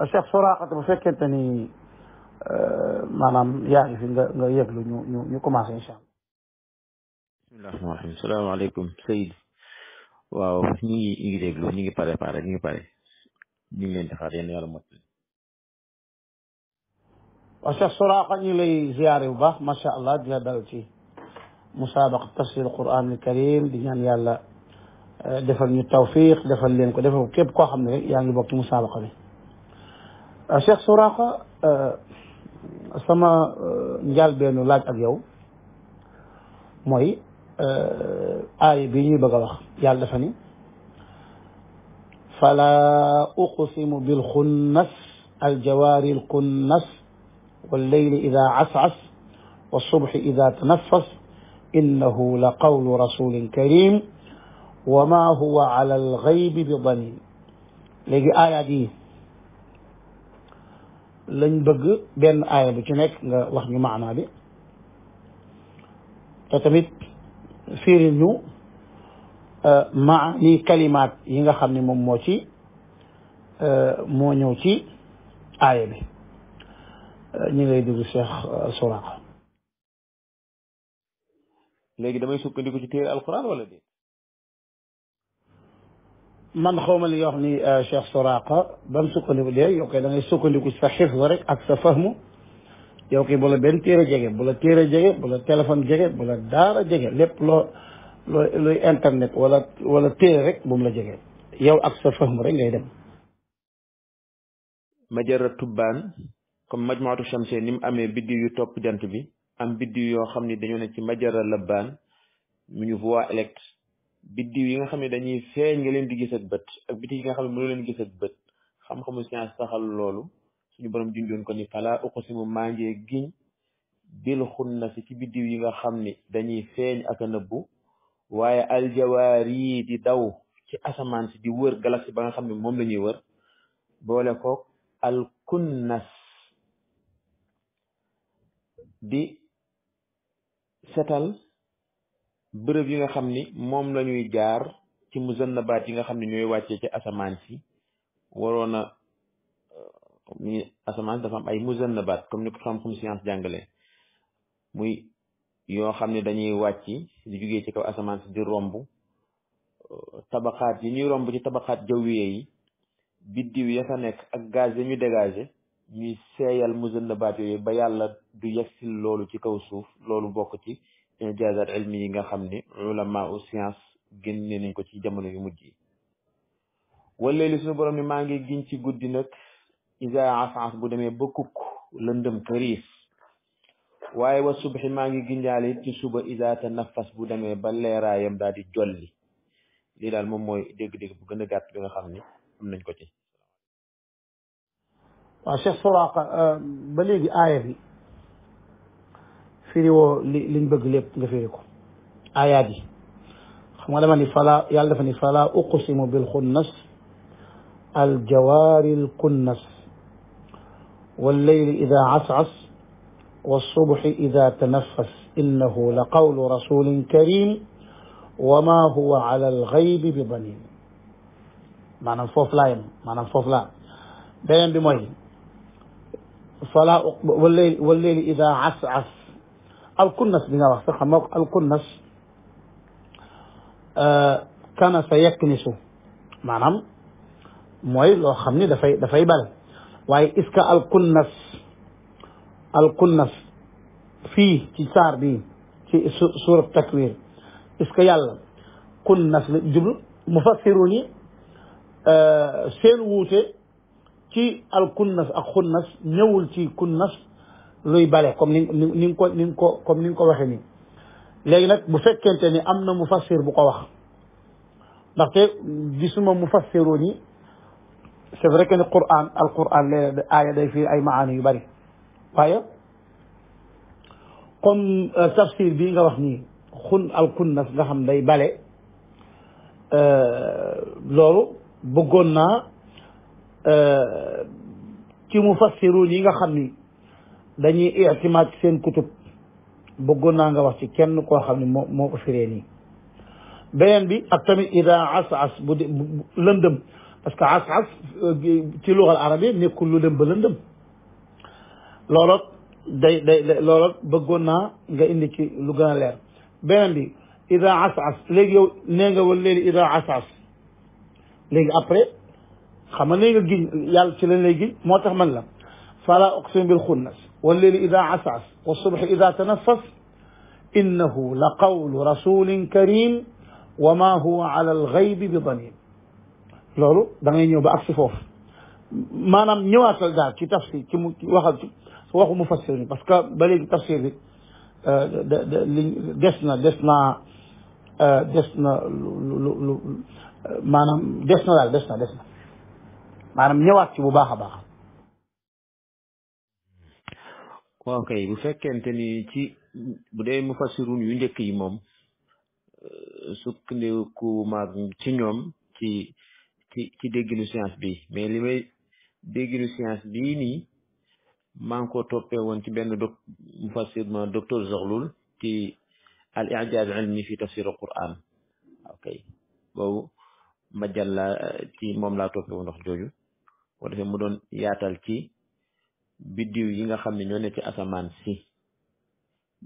الشيخ سراقة مفكر تاني آه، ما نعم يعني في يقلو نيو نيو نيو كما سي ان شاء الله بسم الله الرحمن الرحيم السلام عليكم سيد واو ني يغلي غلو ني باري باري ني باري ني لين دخال يا نيو مات الشيخ سراقة ني لي زياري وباخ ما شاء الله ديال دالتي مسابقه تفسير القران الكريم دي نان يعني يالا آه، ديفال ني التوفيق ديفال لينكو ديفال كيب كو خامني ياغي يعني بوك مسابقه بي الشيخ سراقة سما نجال بينو لاج اك يو موي اي بي ني بغا واخ فلا اقسم بالخنس الجوار الكنس والليل اذا عسعس والصبح اذا تنفس انه لقول رسول كريم وما هو على الغيب بظنين لجي ايه دي lañ bëgg benn aaya bi ci nekk nga wax ñu maanaa bi te tamit firil ñu euh, maani kalimaat yi nga xam ni moom moo ci euh, moo ñëw ci aaya bi euh, ñu ngay déglu Cheikh Souraqa léegi damay sukkandiku ci téere alquran wala déet man xaw ma li nga wax ni Cheikh Soraqa ba mu sukkandiku léegi yow kay da ngay sukkandiku sa xifz rek ak sa fahmu yow kay bu la benn téere jege bu la téere jege bu la téléphone jege bu la daara jege lépp loo loo luy internet wala wala téere rek bu mu la jege yow ak sa fahmu rek ngay dem. majara tubbaan comme majmuatu chamsé ni mu amee biddiw yu topp jant bi am biddiw yoo xam ni dañoo ne ci majara labbaan mu ñu voie électrique. biddiw yi nga xam ne dañuy feeñ nga leen di gis bët ak biti yi nga xam ne mënu leen gis ak bët xam-xamu science saxal loolu suñu borom junjoon ko ni fala uqsimu maa ngi giñ bil xunnasi ci biddiw yi nga xam ni dañuy feeñ ak a nëbbu waaye aljawaar yi di daw ci asamaan si di wër galaxie ba nga xam ne moom lañuy wër boole koog alkunnas di setal bërëb yi nga xam ni moom la ñuy jaar ci muzannabaat yi nga xam ne ñooy wàccee ci asamaan si waroon a mi asamaan dafa am ay muzannabaat comme ni ko xam-xam science jàngale muy yoo xam ni dañuy wàcc di jugee ci kaw asamaan si di romb euh, tabaxaat yi ñuy romb ci tabaxaat jawwiye yi biddiw ya fa nekk ak gaz ya ñu dégagé ñuy seeyal muzannabaat yooyu ba yàlla du yegsil loolu ci kaw suuf loolu bokk ci injaazaat ilmi yi nga xam ne ulama u science génne nañ ko ci jamono yu mujj yi wala li suñu borom ni maa ngi giñ ci guddi nag isa afas bu demee ba kukk lëndëm këriis waaye wa subhi maa ngi ginjaale it ci suba isa te nafas bu demee ba leeraayam daal di jolli lii daal moom mooy dégg-dégg bu gën a gàtt bi nga xam ne am nañ ko ci waaw Cheikh Soraqa euh, ba léegi aaya bi firi woo li liñ bëgg lépp nga firi ko ayaat yi xam nga dama ni fala yàlla dafa ni fala uqsimu bil xunnas al jawaari al kunnas wal layli ida asas والصبح إذا تنفس إنه لقول رسول كريم وما هو على الغيب بضنين maanaam foofu laa yem maanaam foofu laa beneen bi mooy fala walleyli walleyli ida as as الكنس من الأخصخة موقع الكنس آه، كان سيكنس معنى موي لو خمني دفاي دفاي بال واي اسكا الكنس الكنس في كسار دي في سورة التكوير اسكا يال كنس جبل مفسروني أه سين ووتي كي الكنس الكنس نيول تي كنس luy bale comme ni ni ko ni ko comme ni ko waxe ni légui nak bu fekkente ni am mufassir bu ko wax ndaxte gisuma mufassiru ni c'est vrai que ni Qur'an al Qur'an léeg aaya day fii ay maani yu bari waaye comme tafsir bii nga wax nii xun al kunnas nga xam day bale loolu bëggoon naa ci mufassiru yi nga xam ni dañuy ictimaad ci seen kutub bëggoon naa nga wax ci kenn koo xam ne moo ko firee nii bi ak tamit as-as lëndëm parce que as-as euh, ci luxal arabi nekkul lu dem ba lëndëm looloo day day naa nga indi ci lu leer beneen bi ida as-as léegi nee nga wala léegi ida as-as léegi après xam nga nee nga giñ yàlla ci lañ lay moo tax man la fala uqsimu bil xunnas والليل إذا عسعس والصبح إذا تنفس إنه لقول رسول كريم وما هو على الغيب بضنين لولو داغي نيو با فوف مانام نيواتال دا كي تفسير كي مو واخال واخو مفسر باسكو باليك تفسير دي آه، ديسنا ديسنا آه، ديسنا مانام ديسنا ديسنا ديسنا مانام نيوات سي بو باخا باخا waaw kay bu fekkente ni ci bu dee mu fasirun yu njëkk yi moom euh, sukkandiku maag ci ñoom ci ci ci dégginu science bi mais li may dégginu science bii nii maa ngi ko toppee woon ci benn doc mu fasir ma docteur Zaghloul ci al i'jaz ilmi fi tafsir al quran waaw kay boobu majalla ci moom laa toppee woon wax jooju boo defee mu doon yaatal ci biddiw yi nga xam ne ñoo nekk ci asamaan si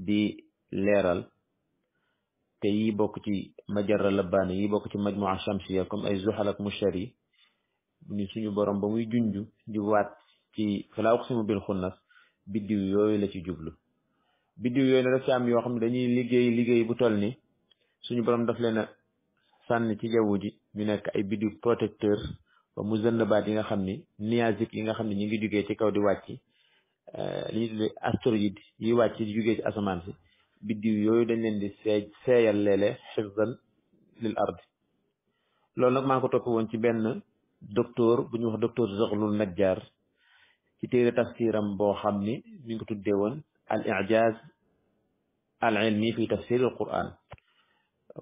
bi leeral te yi bokk ci majara labbaani yi bokk ci majmua shamsiya comme ay zuhal ak yi ni suñu borom ba muy junj di waat ci falaa uqsimu bil xunnas biddiw yooyu la ci jublu biddiw yooyu ne daf ci yoo xam ne dañuy liggéey liggéey bu toll ni suñu borom daf leen a sànni ci jaww ji ñu nekk ay biddiw protecteur ba mu zënnabaat yi nga xam ni niyazik yi nga xam ne ñu ngi jugee ci kaw di wàcc euh, li ñu tuddee yi wàcc di jugee ci asamaan si biddiw yooyu dañ leen di seey seeyal léeg-léeg lil ard loolu nag maako ngi woon ci benn docteur bu ñuy wax docteur Zaghloul Najjar ci tafsiram boo xam ni mi ngi ko tuddee woon al i'jaz al ilmi fi tafsir al quran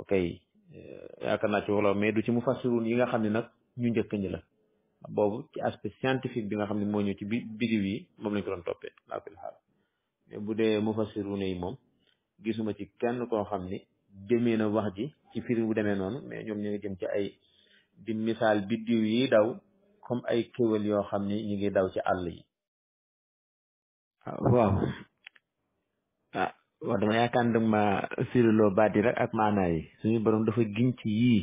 ok euh, yaakaar naa ci wolof du ci mufassirun yi nga xam ni nag ñu njëkk ñi la boobu ci aspect scientifique bi nga xam ne moo ñëw ci bi bidiw yi moom lañ ko doon toppee laa kul xaal mais bu dee mufassiruna yi moom gisuma ci kenn koo xam ni jëmee na wax ji ci firi bu demee noonu mais ñoom ñu ngi jëm ci ay di misaal biddiw yi daw comme ay kéwél yoo xam ni ñu ngi daw ci àll yi ah, waaw ah wax dama yaakaar danga ma firiloo baat yi rek ak maanaa yi suñu borom dafa giñ ci yii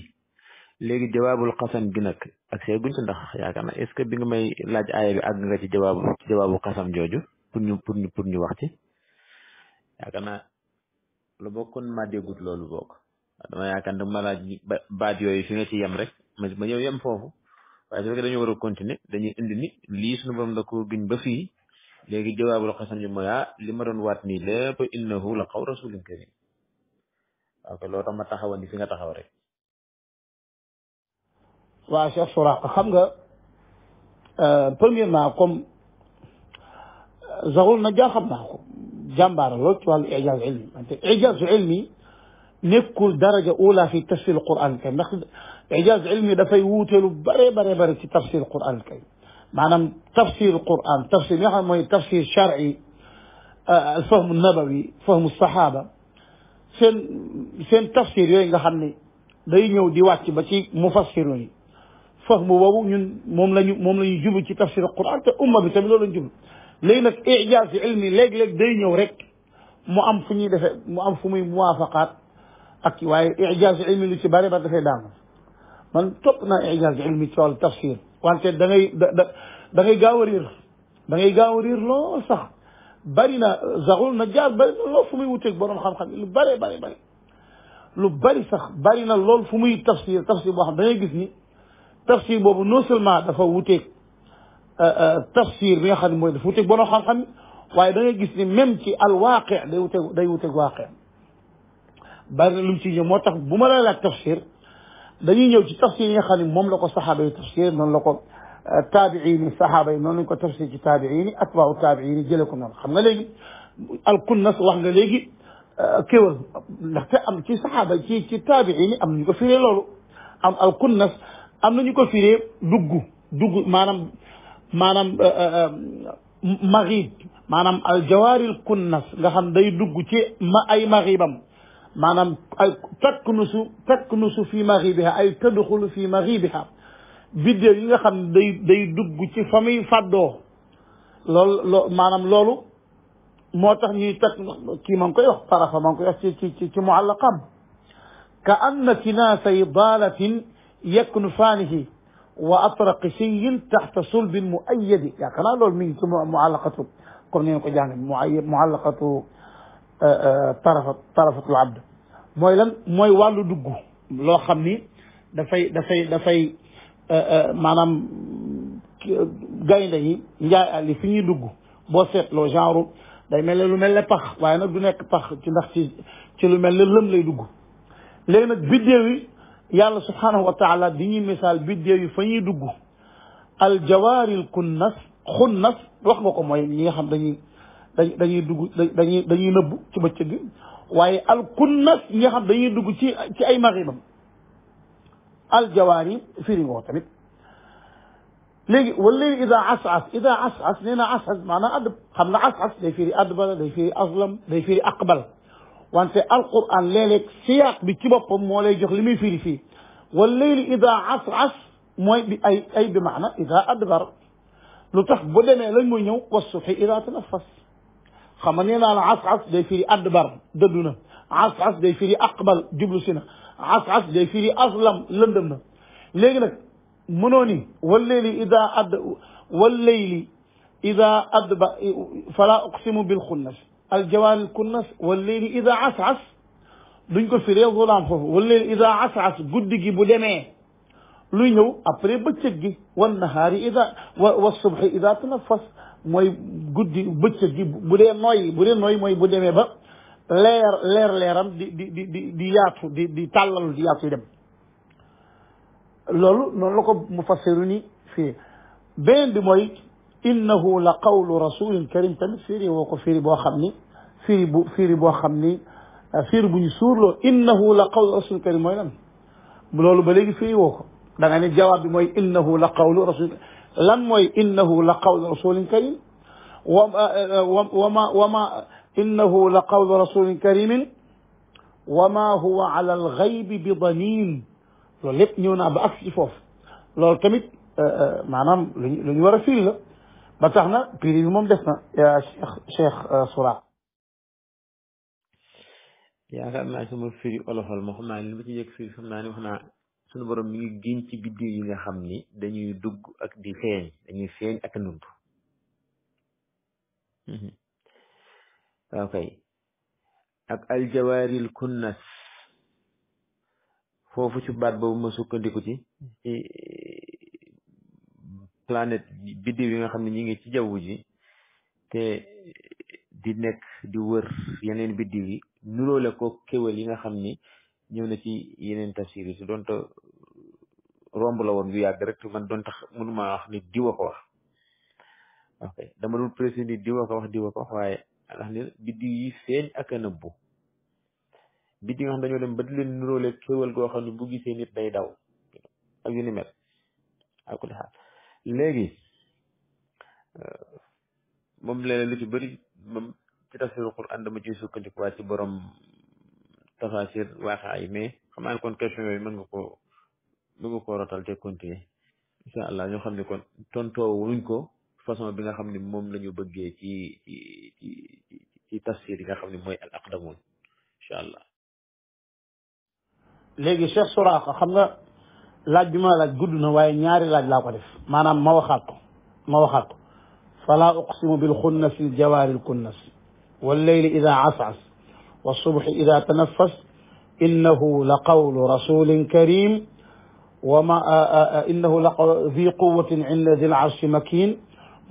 legi jawabul qasam bi nak ak sey guñ ci ndax yaakaar na est ce bi nga may laaj aaya bi ag nga ci jawaabu jawabu qasam joju pour ñu pour ñu pour ñu wax ci yaakaar na lu bokkon ma degut lolu bok dama yaakaar ne ma laaj baat yoy fi nga ci yam rek ma ñew yam fofu waye dafa dañu wara continuer dañuy indi ni li suñu borom da ko guñ ba fi legi jawabul qasam ji moya ah, li ma doon waat innahu la xaw karim ak lo tax ma fi nga taxaw rek waa Cheikh Souraka xam nga premièrement comme Zaghloul Najaa xam naa ko jàmbaara lool ci wàllu ijaaz ilmi wante ijaaz ilmi nekkul daraja ula fi tafsir alquran karim ndax ijaaz ilmi dafay wuuteelu bare bare bare ci tafsir alquran karim maanaam tafsir alquran tafsir yoo xam mooy tafsir shar'i alfahm nabawi fahmu sahaba seen seen tafsir yooyu nga xam ne day ñëw di wàcc ba ci mufassirun yi فهم وو نون موم لا موم لا جوبو سي تفسير القران تا امه بي تامي لولو جوبو لي نك اعجاز علمي ليك ليك داي نيو ريك مو ام فني دافا مو ام فمي موافقات اك واي اعجاز علمي لي سي باري با دافاي دان مان توب نا اعجاز علمي تول تفسير وانت دا ngay دا ngay غاورير دا ngay غاورير لو صح بارينا زغول نجار بل لو فمي ووتيك بروم خام خام لو باري باري باري لو باري صح بارينا لول فمي تفسير تفسير واحد دا ngay غيسني تفسير بوب نو سلما دا فا ووتيك ا آه، آه، تفسير بيغا خاني موي دا فوتيك بونو خام خام واي داغي غيس ني ميم سي الواقع داي ووتيك داي ووتيك واقع بار لوم سي ني موتاخ بوما تفسير داني نييو سي تفسير ني خاني موم لاكو صحابه تفسير نون لاكو آه، تابعين الصحابه نون نكو تفسير سي تابعين اتباع التابعين جيلكو نون خام نا ليغي القن نص واخ nga legi ام سي صحابه سي تابعين ام نكو فيري لولو ام القن am nañu ko firee dugg dugg maanaam maanaam euh, euh, euh, marib maanaam aljawaaril kunnas nga xam day dugg ci ma ay maribam maanaam ay taknusu taknusu fi maribiha ay tadxulu fi maribiha biddéew yi nga xam day day dugg ci fa muy fàddoo loolu loo maanaam loolu moo tax ni tak kii ma ngi koy wax tarafa ma ngi koy ci ci ci muallaqam ka anna kinaasay daalatin يكن فانه وأطرق سي تحت صلب مؤيد يا كلام لول مين معلقته comme ni ngeen ko jàng mu muallaqatu tarafa tarafatul abd mooy lan mooy wàllu dugg loo xam ni dafay dafay dafay maanaam gaynde yi njaay àll yi fi ñuy dugg boo seetloo genre day mel ne lu mel ne pax waaye nag du nekk pax ci ndax ci ci lu mel ne lëm lay dugg léegi nag biddéew yi yàlla subhanahu wa taala dañuy misaal biddéew yi fa ñuy dugg al jawaaril kunnas xunnas wax nga ko mooy ñi nga xam dañuy dañuy dugg dañuy dañuy nëbb ci bëccëg gi waaye al kunnas ñi nga xam dañuy dugg ci ci ay maxibam al jawaari firi ngoo tamit léegi wallayli ida asas ida asas nee na asas maanaam add xam nga asas day firi adbara day firi aslam day firi aqbal وانت القران ليلك سياق بكبب مولاي جوخ لمي فيري في والليل اذا عص عص موي اي اي بمعنى اذا ادبر لو تخ بو ديمي لا موي نيو والصبح اذا تنفس خمني انا العص عص دي فيري ادبر ددونا عص عص دي فيري اقبل جبل سنا عص عص داي فيري اظلم لندمنا لغي نك منوني والليل اذا اد والليل اذا ادبر فلا اقسم بالخنس aljawaar alkunnas wallayli ida asas duñ ko firee zulaam foofu wallayli ida asas guddi gi bu demee luy ñëw après bëccëg gi wan nahaari ida wa subhi ida tanaffas mooy guddi bëccëg gi bu dee nooy bu dee nooy mooy bu demee ba leer leer leeram di di di di di yaatu di di tàllalu di yaatu yi dem loolu noonu la ko mufassiru ni fii beneen bi mooy إنه لقول رسول كريم تنسيري وقفيري بوخمني فيري بو فيري بوخمني آه، فير بو نسور له إنه لقول رسول كريم ويلم بلولو بلغي فيري وخم دعاني جواب موي إنه لقول رسول لم موي إنه لقول رسول كريم وما آه، آه، وما وما إنه لقول رسول كريم وما هو على الغيب بضنين لو لبنيونا بأكسي فوف لو التمت معنام لنورفين له ba tax na prix bi moom des na yaa cheikh cheikh euh, Soura. yaakaar naa sama firi olofal ma xam naa li ma ci yëg firi xam naa ni wax naa suñu borom mi ngi génn ci biddiw yi nga xam ni dañuy dugg ak di feeñ dañuy feeñ ak a ndund. Mhm. ok ak aljawaaril kunnas foofu ci baat boobu ma sukkandiku ci. Mhm. planète biddiw yi nga xam ne ñi ngi ci jaww ji te di nekk di wër yeneen biddiw yi nuróole ko kéwél yi nga xam ni ñëw na ci yeneen tafsir yi su donte romb la woon bu yàgg rek man doon tax mënuma wax ni diwa ko wax ok dama doon préciser ni diwa wax diwa ko wax waaye ndax ni biddiw yi feeñ ak a nëbbu biddiw yi nga ne bu gisee day daw ak yu ni mel léegi euh, moom léeg lu ci bëri moom ci tafsiru Qur'an dama ci sukkandiku waa ci borom tafasir waaxa ay mais xam naa kon question yooyu mën nga ko mën nga ko rotal te continuer incha allah ñoo xam ne kon tontoo wuñ ko façon bi nga xam ne moom la ñu bëggee ci ci ci ci tafsir yi nga xam ne mooy al aqdamun incha allah léegi Cheikh Souraka xam nga laaj bi ma laaj gudd na waaye ñaari laaj laa ko def maanaam ma waxaat ko ma waxaat ko fala uqsimu bil xunnasi jawaari l kunnas wal leyli ida asas wa subxi ida tanaffas innahu la qawlu rasulin karim وما إنه ذي قوة عند ذي العرش مكين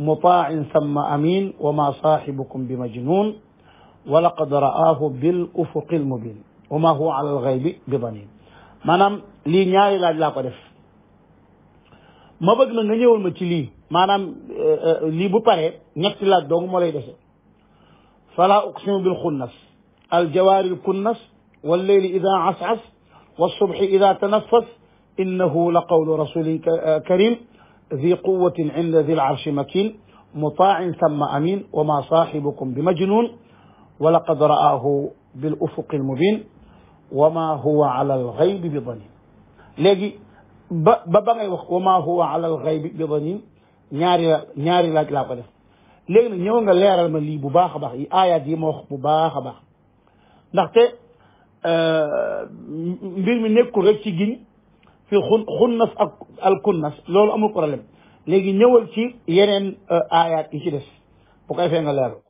مطاع ثم أمين وما صاحبكم بمجنون ولقد رآه بالأفق المبين وما هو على الغيب بضنين manam li ñaari laaj laa ko def ma bëgg na nga ñëwal ma ci lii maanaam lii bu paree ñetti laaj dong moo lay dese fala uqsimu bil xunnas al jawari al kunnas wal leyli ida asas wa subxi ida tanaffas innahu la qawlu rasuli ذي قوة عند ذي العرش مكين مطاع ثم أمين وما صاحبكم بمجنون ولقد رآه بالأفق المبين وما هو على الغيب bi لجي léegi ba ba ba ngay wax wama huwa ala alxaybi bi danin ñaari la ñaari laaj nga leral ma li bu baax a baax yi ayat yi mo wax bu baax a baax ndaxte mbir mi nekkul rek ci giñ fi khunnas ak al kunnas loolu amul problème legi ñëwal ci yenen ayat yi ci dess bu koy fe nga leral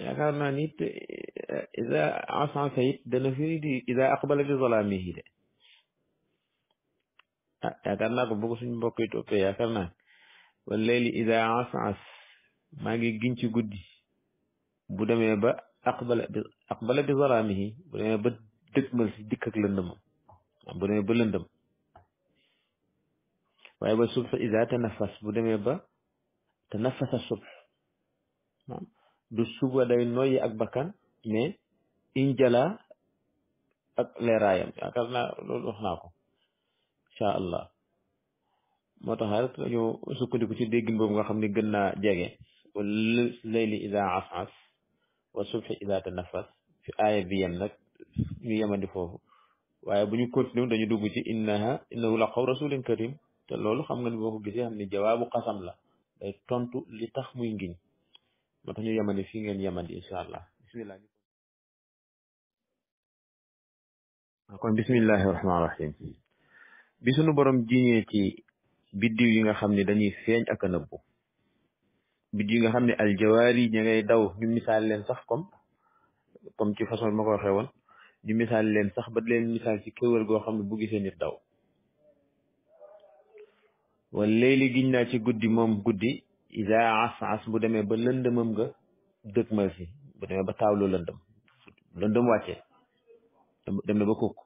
yaakaar naa ni it eh, isa encensé it dana fi di isa aqbala bi zalaamihi de ah naa ko bu ko suñ mbokk yi toppee yaakaar naa wal layli maa ngi giñ ci guddi bu demee ba aqbala bi aqbala bi zalaamihi bu demee ba dëgmal si dikk ba lëndëm waaye ba subx isa tanafas bu demee ba tanafasa subx du suba day noyyi ak bakkan mais injala ak leeraayam yaakaar naa loolu wax naa ko incha allah moo tax rek ñu sukkandiku ci déggin boobu nga xam ne gën naa jege wal layli ida asas wa subhi ñu yemandi foofu waaye bu ñu continué dañu dugg ci innaha innahu la qawl rasulin karim te loolu xam nga ni boo ko gisee xam ne jawaabu xasam la day tontu li tax muy ngiñ moo tax ñu yemandi fii ngeen yemandi incha allah bisimilah kon bisimillahi rahmaani rahim bi sunu borom jiñee ci biddiw yi nga xam ni dañuy feeñ ak a nëbbu biddiw nga xam ne aljawaar yi ña ngay daw ñu misaal leen sax comme comme ci façon bi ma ko waxee ñu misaal leen sax ba leen misaal ci kéwél goo xam ne bu gisee nit daw wala léegi giñ naa ci guddi moom guddi ida as-as bu demee ba lëndëmam nga dëgmal si bu demee ba taawloo lëndëm lëndëm wàcce dem na ba kukk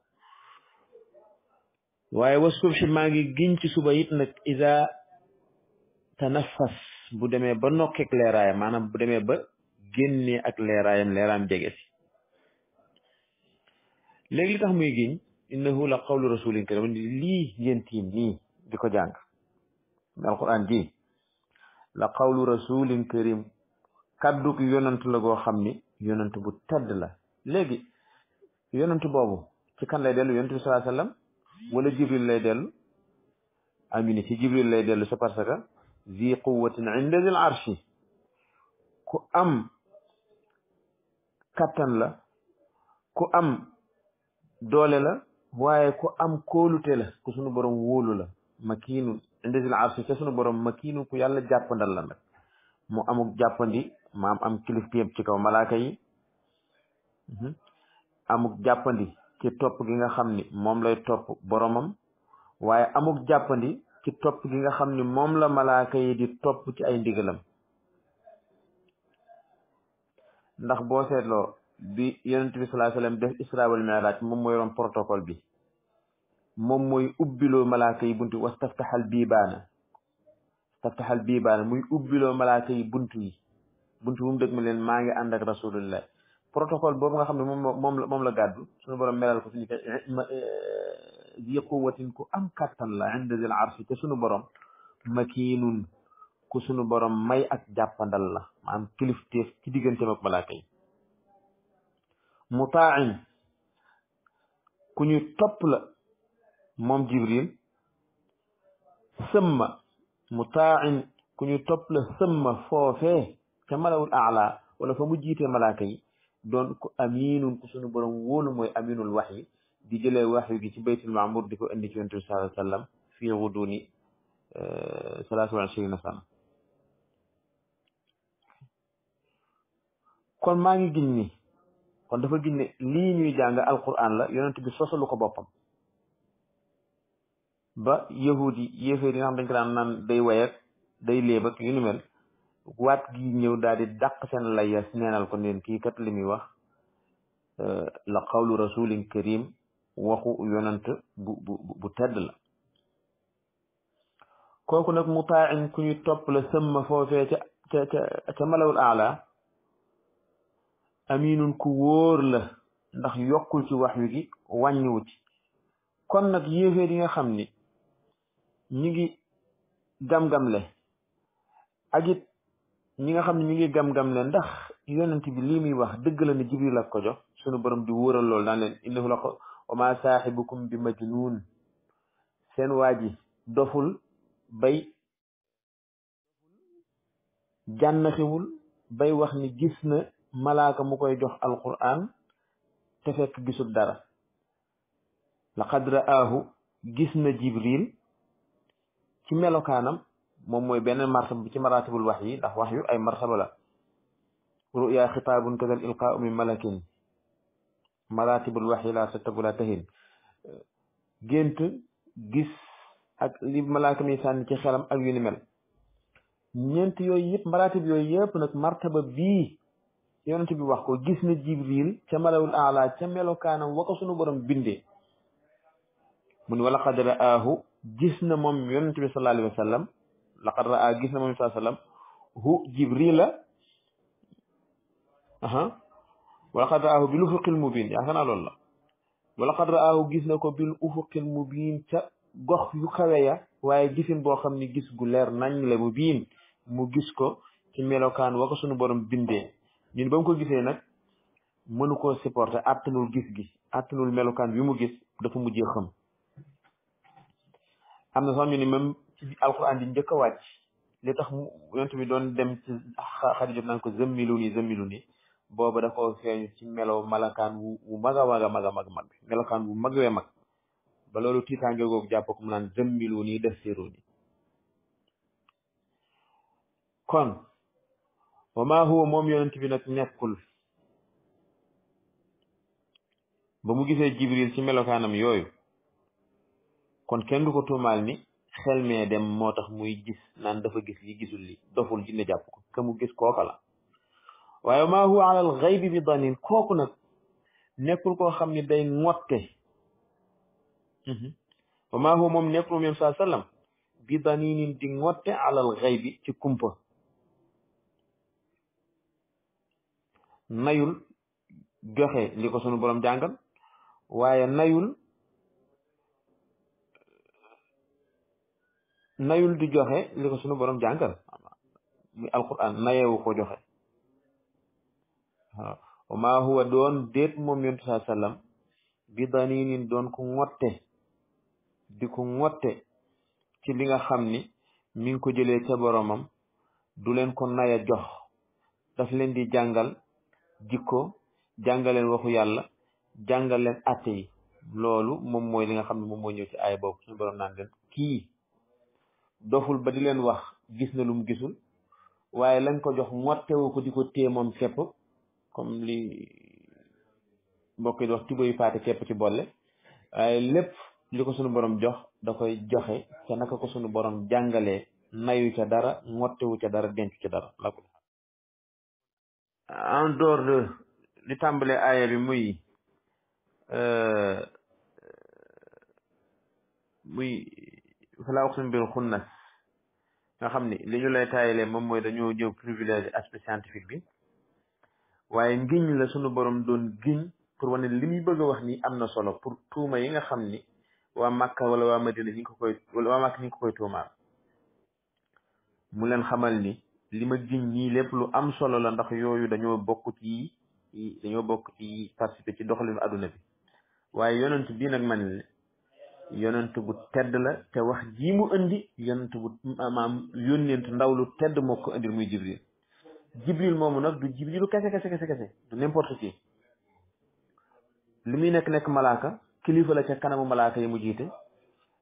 waaye wa si maa ngi giñ ci suba it nag ida tanafas bu demee ba nokkeek leeraayam maanaam bu demee ba génnee ak leeraayam leeraam jege si léegi tax muy giñ innahu la qawlu rasulin karim lii ngeen nii di ko jàng alquran ji la qawlu rasulin karim kàddug yonent la goo xam ni yonent bu tedd la léegi yonanti boobu ci lay dellu yonent bi sallallahu alayhi wala jibril lay dellu am ñu ci jibril lay dellu c'est parce que zi quwwatin inda zil arshi ku am kattan la ku am doole la waaye ko am kóolute la ku sunu borom wóolu la makiinun indesil arsi ca sunu borom makiinu ku yàlla jàppandal la nag mu amuk jàppandi maam am kilifteem ci kaw malaaka yi mhm. amuk jàppandi ci topp gi nga xam ni moom lay topp boromam waaye amuk jàppandi ci topp gi nga xam ni moom la malaaka yi di topp ci ay ndigalam ndax boo seetloo bi yonent bi sallallahu alayhi wasallam def isra wal moom moo yoroon protocole bi moom mooy ubbiloo malaaka yi buntu yi wastaftaxal biibaana staftaxal biibaana muy ubbiloo malaaka yi buntu yi buntu bu mu dëgg ma leen maa ngi ànd ak rasulullah protocole boobu nga xam ne moom moom moom la gàddu suñu borom melal ko suñu zi eh, eh, ku am kattan la inda zil arshi te suñu borom makiinun ku suñu borom may ak jàppandal la maanaam kilifteef ci digganteem ak malaaka ku ñuy topp la moom jibril sëmma mu ku ñu topp la sëmma foofee ca malawul aala wala fa mu jiitee malaaka yi doon ko aminun ku sunu borom wóolu mooy aminul waxyi di jëlee waxyu gi ci baytul maamur di ko indi ci yonent bi sallallahu alayhi wa sallam fii wuduuni euh, salaatu kon maa ngi giñ ni kon dafa giñ ne lii ñuy jàng alquran la yonent bi sosalu ko boppam ba yahuud yi yéeféer xam dañ ko daan day way ak day léeb yu ni mel waat gi ñëw daal di dàq seen layas neenal ko neen kii kat li muy wax euh, la qawlu rasulin karim waxu yonant bu bu la kooku nag mutain ku ñu topp la sëmma foofee ca ca ca malawul aala aminun ku wóor la ndax yokkul ci wax yu gi wàññiwu ci kon nag yéeféer yi nga xam ni ñi ngi gam-gamle ak it ñi nga xam ne ñi ngi gam le ndax yonent bi lii mi wax dëgg la ne jibril la ko jox sunu borom di woral loolu daan leen innahu la ko wa ma saaxibukum seen waa ji doful bay jànnaxiwul bay wax ni gis na malaaka mu koy jox alquran te fekk gisul dara laqad ra'aahu gis na jibril ci melokanam mom moy beneen martaba ci maratibul wahyi ndax wahyu ay martaba la ruya xitaabun kadal ilqa'u min malakin maratibul wahyi la satagula tahin gént gis ak li malaaka mi sànni ci xelam ak yu ni mel ñent yoy yep maratib yoy yep nak martaba bi yonent bi wax ko gis na jibril ca malawul a'la ca melokanam wa sunu borom binde mun wala qad ahu gis na moom yonent bi sallallahu alayhi wa sallam laqad gis na moom sallallahu alayhi wa sallam hu jibrila aha wa laqad raahu bil ufuqil mubin yaakaar naa loolu la wa laqad raahu gis na ko bil mu mubin ca gox yu kawe ya waaye gisin boo xam ni gis gu leer nañ la mu biin mu gis ko ci melokaan wa sunu borom bindee ñun ba ko gisee nag mënu ko supporter attanul gis gi attanul melokaan bi mu gis dafa mujjee xam am na sax ñu ni même ci alquran di njëkk a li tax mu bi doon dem ci Xadija naan ko zëmmilu ni zëmmilu ni booba da feeñ ci melo malakaan wu wu mag a mag a melokaan wu mag wee mag ba loolu tiitaange googu jàpp ko mu naan zëmmilu ni def séeru ni kon wa maa huwa moom yonent bi nekkul ba mu gisee jibril ci melokaanam yooyu kon kenn du ko tuumaal ni xel mee dem moo tax muy gis naan dafa gis li gisul li doful jinne jàpp ko ka mu gis kooka la waaye maa huwa ala al xaybi bi danin nag nekkul koo xam ni day ngotte mm-hmm. wa maa huwa moom nekkul moom saa sallam bi daninin di ngotte ala al ci kumpa nayul joxe li sunu borom jàngal waaye nayul nayul di joxe li ko sunu borom jàngal muy alquran nayewu ko joxe waaw wama huwa doon déet moom yontu saa sallam bi doon ku ngotte di ku ngotte ci li nga xam ni mi ko jëlee ca boromam du leen ko naya jox daf leen di jàngal jikko jàngaleen waxu yàlla jàngaleen atte yi loolu moom mooy li nga xam ne moom mooy ñëw ci aay boobu suñu borom naan leen kii doful ba leen wax gis na lum gisul waaye lañ ko jox mottewu ko di ko téye moom comme li mbokk yi di wax tubéyu paate képp ci bolle waaye lépp li ko sunu boroom jox da koy joxe ca naka ko sunu boroom jàngalee nayu ca dara mottewu ca dara dencu ca dara la en dehors de li tàmbale aaya bi muy euh, muy falaa uqsimu bil xunnas nga xam ni li ñu lay taayalee moom mooy dañoo ñëw privilège aspect scientifique bi waaye ngiñ la sunu borom doon giñ pour wane li muy bëgg wax ni am na solo pour tuuma yi nga xam ni waa Makka wala waa Madina ñi ngi ko koy wala waa ko koy tuumaal mu leen xamal ni li ma giñ ñii lépp lu am solo la ndax yooyu dañoo bokk ci dañoo bokk ci participer ci doxalinu adduna bi waaye yonent bii nag man yonent bu tedd la te wax ji mu indi yonent bu maam yónneent ndaw lu tedd moo ko indil muy jibril jibril moomu nag du jibrilu kese kese kese du n'importe qui lu muy nekk nekk malaaka kilifa la ca kanamu malaaka yi mu jiite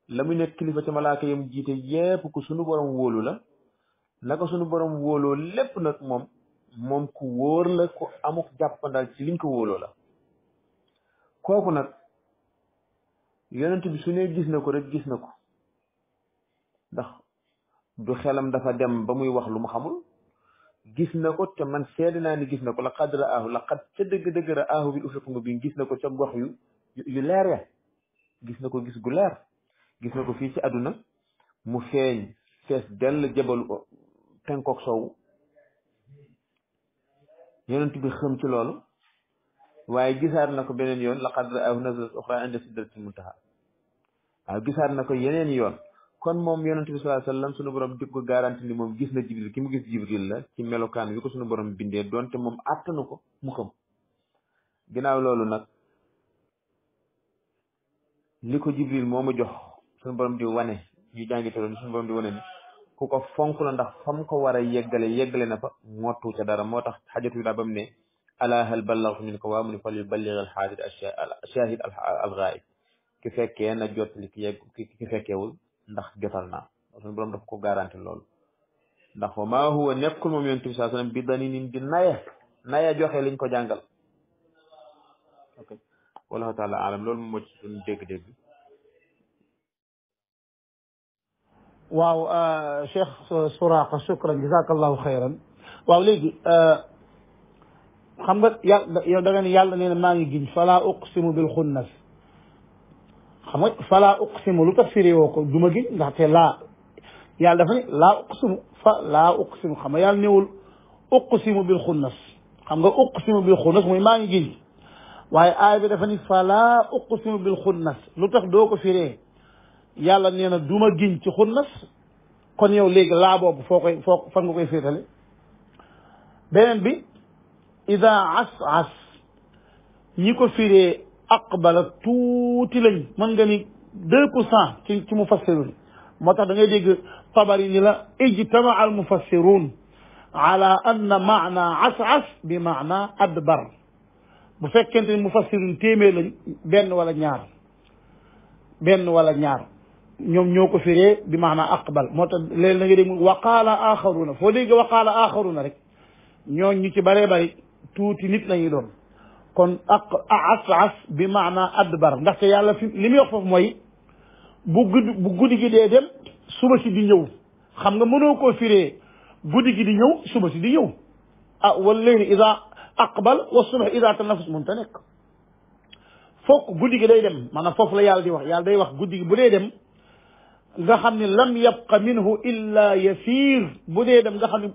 la muy nekk kilifa ca malaaka yi mu jiite yépp ku sunu borom wóolu la naka sunu borom wóoloo lépp nag moom moom ku wóor la ku amuk jàppandal ci liñ ko wooloo la kooku nag yonent bi su ne gis na ko rek gis na ko ndax du xelam dafa dem ba muy wax lu mu xamul gis na ko te man seede naa ni gis na ko la qad raahu la qad ca dëgg-dëgg raahu gis na ko ca gox yu yu gis na ko gis gu leer gis na ko fii ci àdduna mu feeñ fees dell jabalu penkook soowu yonent bi xam ci loolu waaye gisaat na ko beneen yoon laqad waaw gisaat na ko yeneen yoon kon moom yonent bi sallallahu alayhi wasallam sunu borom di ko garanti moom gis na jibril ki mu gis jibril la ci melokaan wi ko sunu borom bindee donte moom àttanu ko mu xam ginnaaw loolu nag li ko jibril moo ma jox sunu borom di wane ñu jàngite loolu sunu borom di wane ku ko fonk la ndax fam ko war a yeggale yeggale na fa mootu ca dara moo tax xajatu daa bam ne ala hal ballagtu min ko waa mu ni fal yuballigh al xaadir al al ghaib ki fekkee na jot li ki yegg ndax jotal naa suñu borom dafa ko garanti loolu ndax wa maa huwa nekkul moom yonent bi saa sallam bi dani nin di naya ko jàngal ok wallahu taala alam loolu moom moo ci suñu dégg-dégg waaw euh, cheikh Souraqa shukran waaw léegi euh, xam nga yàlla yow da nga ne yàlla maa ngi giñ fala uqsimu bil xunnas xam nga fala uqsimu lu tax firi duma gi ndaxte laa yàlla dafa ne laa uqsimu fa laa uqsimu xam nga yàlla newul uqsimu bil xunnas xam nga uqsimu bil xunnas mooy maa ngi giñ waaye aay bi dafa ni fala uqsimu bil xunnas lu tax doo ko firee yàlla na duma giñ ci xunnas kon yow léegi laa boobu foo koy foo fan nga koy féetale beneen bi ida as as ñi ko firee aqbala tuuti lañ mën nga ni deux pour cent ci ci moo tax da ngay dégg tabari ni la ijtamaa al mufassirun ala anna maana asas bi maana adbar bu fekkente ni mufassirun téeméer lañ benn wala ñaar benn wala ñaar ñoom ñoo ko firee bi maana aqbal moo tax léegi da ngay dégg mu waqaala axaruna foo dégg waqaala axaruna rek ñooñ ñu ci bare bëri tuuti nit lañuy doon kon ak as as bi maana adbar ndax te yàlla fi li muy wax foofu mooy bu guddi bu guddi gi dee dem suba si di ñëw xam nga mënoo koo firee guddi gi di ñëw suba si di ñëw ah wallayli ida aqbal wa subh ida tanafus mun ta nekk fokk guddi gi day dem maanaam foofu la yàlla di wax yàlla day wax guddi gi bu dee dem nga xam ne lam yabqa minhu illa yasir bu dee dem nga xam ne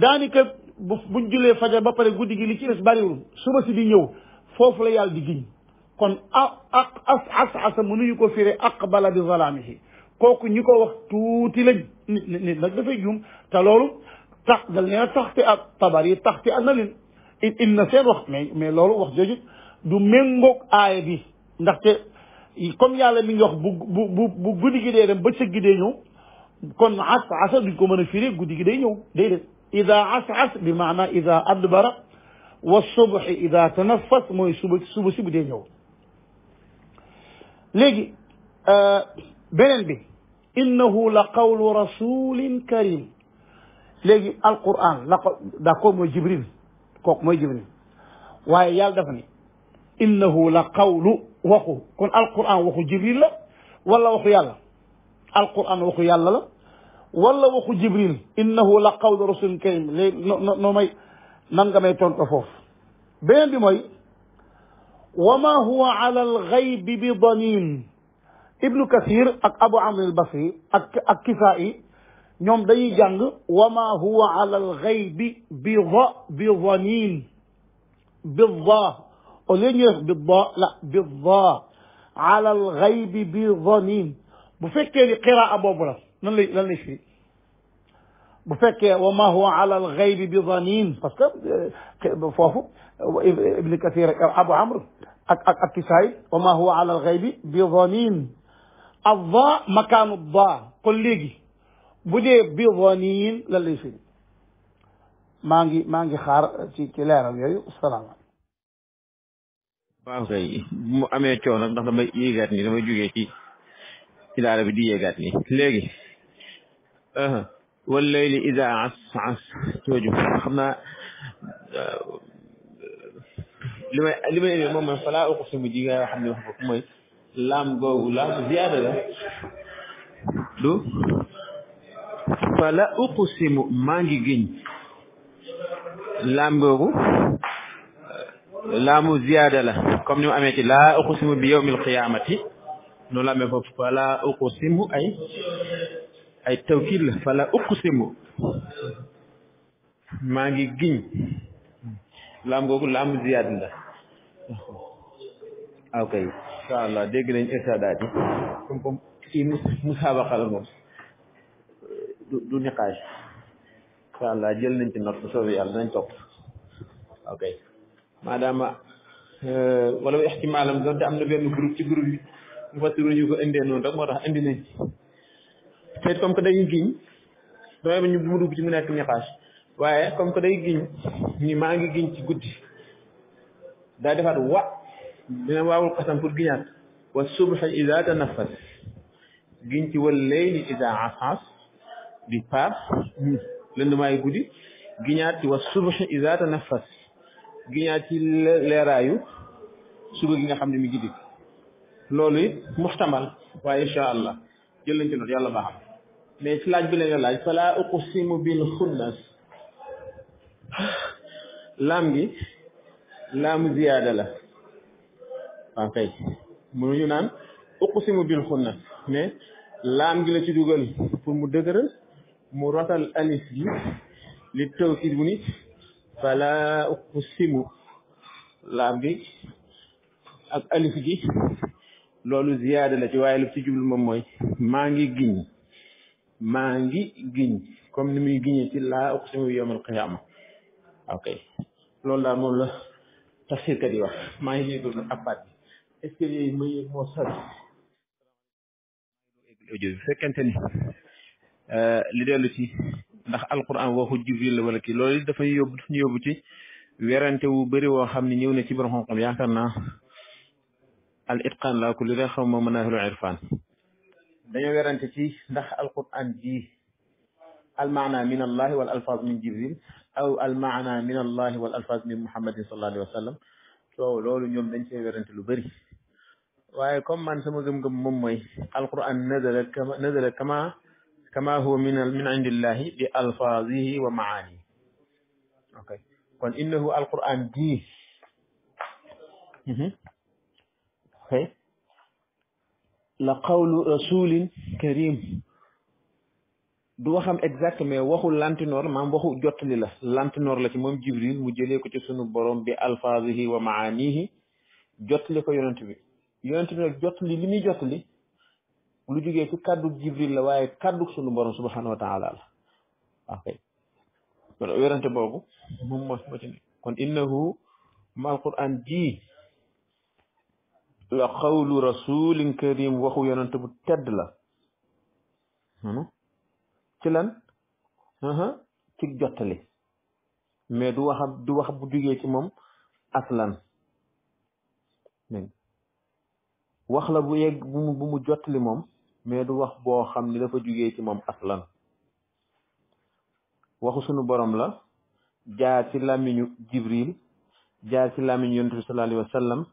daanaka bu buñ julee fajar ba pare guddi gi li ci des bariwul suba si di ñëw foofu la yàlla di giñ kon a ak as as asa mënuñu ko firee aqbala bi zalaamihi kooku ñi ko wax tuuti lañ nit nit nag dafay juum te loolu tax dal nee na taxte ak tabar yi taxte ak na leen in na seen wax mais mais loolu wax jooju du méngoog aaya bi ndaxte comme yàlla mi ngi wax bu bu bu guddi gi dee dem ba bëccëg gi dee ñëw kon as asa duñ ko mën a firee guddi gi day ñëw day def إذا عصعص بمعنى إذا أدبر والصبح إذا تنفس ما سوبي سوبي سوبي دي نيو لجي آه، بنن بي إنه لقول رسول كريم لجي القرآن داكو موي جبريل كوك موي جبريل واي يال دفني إنه لقول وخو كون القرآن وخو جبريل ولا وخو يالا القرآن وخو يالا ولا وخو جبريل انه لقول رسول كريم نوماي نانغا ماي تونتو فوف بين دي موي وما هو على الغيب بضنين ابن كثير اك ابو عمرو البصري اك اك كفائي نيوم داي جانغ وما هو على الغيب بظ بظنين بالضاء ولين يخ بالضاء لا بالضاء على الغيب بظنين بو فكيني قراءه بوبرا نان لي نان لي فيه بفك وما هو على الغيب بظنين ابن كثير ابو عمرو الكسائي وما هو على الغيب بظنين الضاء مكان الضاء قل لي بدي بظنين للي فيه مانجي مانجي خار تي كي ليرال يوي السلام بانغي مو امي تيون دا دا ماي دا ماي جوغي تي كي دارا دي ييغات ني اها wallayli iza as as jooju xam li may li may indi moom mooy falaa uqsimu ji nga xam ne wax mooy laam googu laam ziyaada la du fala uqsimu maa giñ laam googu laamu ziyaada la comme ni mu amee ci laa uqsimu bi yawmil qiyaamati noonu la amee uqsimu ay ay tawkiid la fala uqsimu maa ngi giñ laam googu laam ziyaad la ok insha allah dégg nañ irtadaat yi comme comme kii mu musaabaqa la moom du du niqaaj insha allah jël nañ ci note bu soobee yàlla nañ topp ok maadaama euh, wala ihtimaalam doonte am na benn groupe ci groupe yi mu fasiru ñu ko indee noonu rek moo tax indi nañ te comme que dañuy giñ mu nekk niqaas waaye comme que day giñ ni maa ngi giñ ci guddi daa defaat wa dina waawul xasam pour giñaat wa subha ida tanaffas giñ ci wal layli ida asas di paar lëndumaayu guddi giñaat ci leeraayu suba gi nga xam ne mi giddi loolu it muxtamal waaye incha allah jël nañ ci noonu yàlla baaxam mais laaj bi la nga laaj fala uqsimu bil xunnas laam gi laamu ziyaada la waaw ah, kay mënuñu naan uqsimu bil xunnas mais laam gi la ci dugal pour mu dëgëral mu rotal alif gi li tawkiid bu nit fala uqsimu laam gi ak alif gi loolu ziyaada la ci waaye lu ci jublu moom mooy maa ngi giñ maa ngi giñ comme ni muy giñee ci laa uqsimu bi yawmal ok loolu daal moom la tafsirkat yi wax maa ngi jégalu nag ab baat bi est ce que yooyu fekkente ni euh, li dellu ci ndax alquran waxu jibril la wala kii loolu dafay yóbbu daf ci werante wu bëri woo xam ne ñëw na ci borom xam-xam yaakaar naa al itqaan laa ko li nga xam moom mën naa irfaan dañu werante ci ndax alquran ji almaana min allah wal alfaz min jibril aw almaana min allah wal alfaz min muhammad sallallahu alayhi wasallam sallam soow loolu ñoom dañ cee werante lu bari waaye comme man sama gëm-gëm moom mooy alquran nazala kama nazala kama kama huwa min min indillahi bi alfazihi wa maani ok kon innahu alquran ji Okay. la qawlu rasulin karim du waxam exact mais waxu lantinoor maam waxu jottali la lantinoor la ci moom jibril mu jële ko ci sunu borom bi alfaazihi wa maanihi jottali ko yonent bi yonent bi nag jottali li muy jottali lu jógee ci kàddu jibril la waaye kàddu sunu borom subhanahu wa la waaw kay boobu moom moo ci ne kon innahu ma alquran ji la xawlu rasulin karim waxu yonent bu tedd la ci lan ci jottali mais du wax du wax bu jugee ci moom aslan wax la bu yegg bu mu bu mu jottali moom mais du wax boo xam ni dafa jugee ci moom aslan waxu sunu borom la jaar ci làmmiñu jibril jaar ci làmmiñu yonent bi sallallahu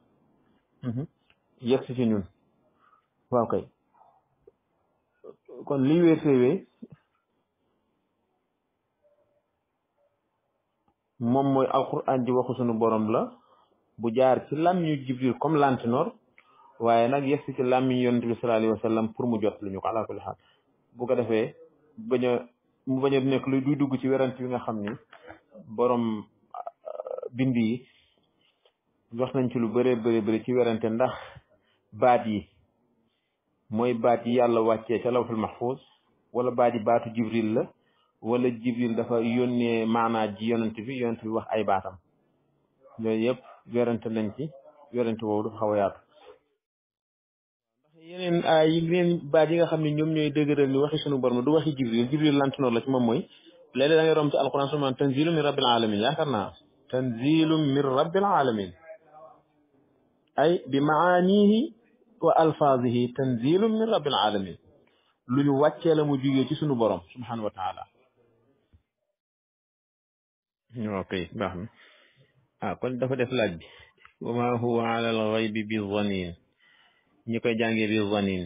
yegg si ci ñun waaw kay kon liy wéer féewee moom mooy alquran ji waxu sunu borom la bu jaar ci làmmiñu jibril comme lantinoor waaye nag yegg ci làmmiñu yonent bi sallallahu alayhi wa pour mu jot lu ñu ko ala kulli xaal bu ko defee bañ a mu bañ nekk lu duy dugg ci werante bi nga xam ni borom ah, bind yi wax nañ ci lu bëree bëri bëri ci werante ndax badi moy badi baat yi yàlla wàccee ca lawful mahfuz wala baat yi baatu jibril la wala jibril dafa yónnee maanaa ji yonent bi yonent bi wax ay baatam yooyu yëpp werante nañ ci werante woowu dafa yaatu ndax yeneen ay yi leen baat nga xam ne ñoom ñooy ni waxi sunu borom du waxi jibril jibril lantinoor la ci moom mooy leeg da ngay romb ci alquran suma tanzilu min rabbil alamin yaakaar tanzilu min rabbil alamin ay bi wa alfaazihi tanzilun min rabbil alamin lu ñu wàccee la mu jugee ci sunu borom subhanahu wa taala ok baax na ah, kon dafa def laaj bi wa ma huwa ala al ghaybi bi zanin ñi koy jàngee bi zanin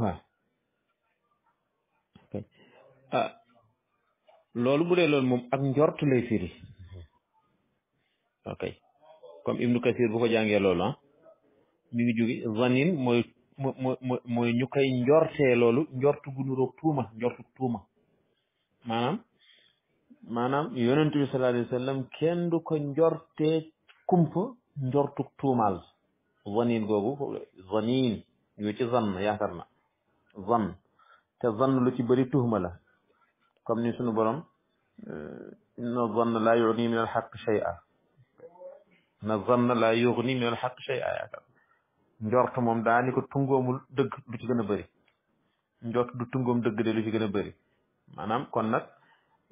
waaw ah ak njort lay firi ok comme ibnu kasir bu ko jàngee loolu ah mi ngi jóge zanin mooy mooy mooy ñu koy njortee loolu njortu gu nuroog tuuma njortu tuuma maanaam maanaam yonent bi sallallahu alayhi kenn du ko njortee kumpa njortu tuumaal zanin googu zanin ñu ci zan yaakaar na zan te zan lu ci bari tuuma la comme ni sunu borom euh, inna zann la yugni min al xaq shay'a na zanna laa yughni min al haqq shay'a yaakaar njort moom daa ni ko tungoomul dëgg lu ci gën a bari njort du tungoom dëgg de lu ci gën a bëri maanaam kon nag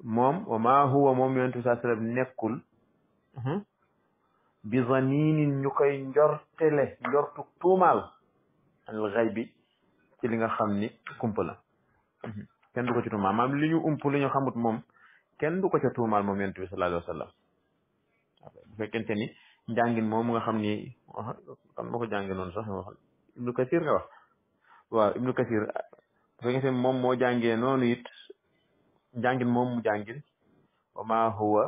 moom wa maa huwa moom yonent bi saa sallam nekkul bi zaninin ñu koy njortele njortu tuumaal al bi ci li nga xam ni kumpa la kenn du ko ci tuumaal maam li ñu ump li ñu moom kenn du ko ca tuumaal moom yonent wa sallam bu fekkente ni njàngin moom nga xam ni wax xam ma ko jàngi noonu sax wax ibnu kasir nga wax waaw ibnu kasir fekkee moom moo jàngee noonu it njàngin moom mu jàngin ma huwa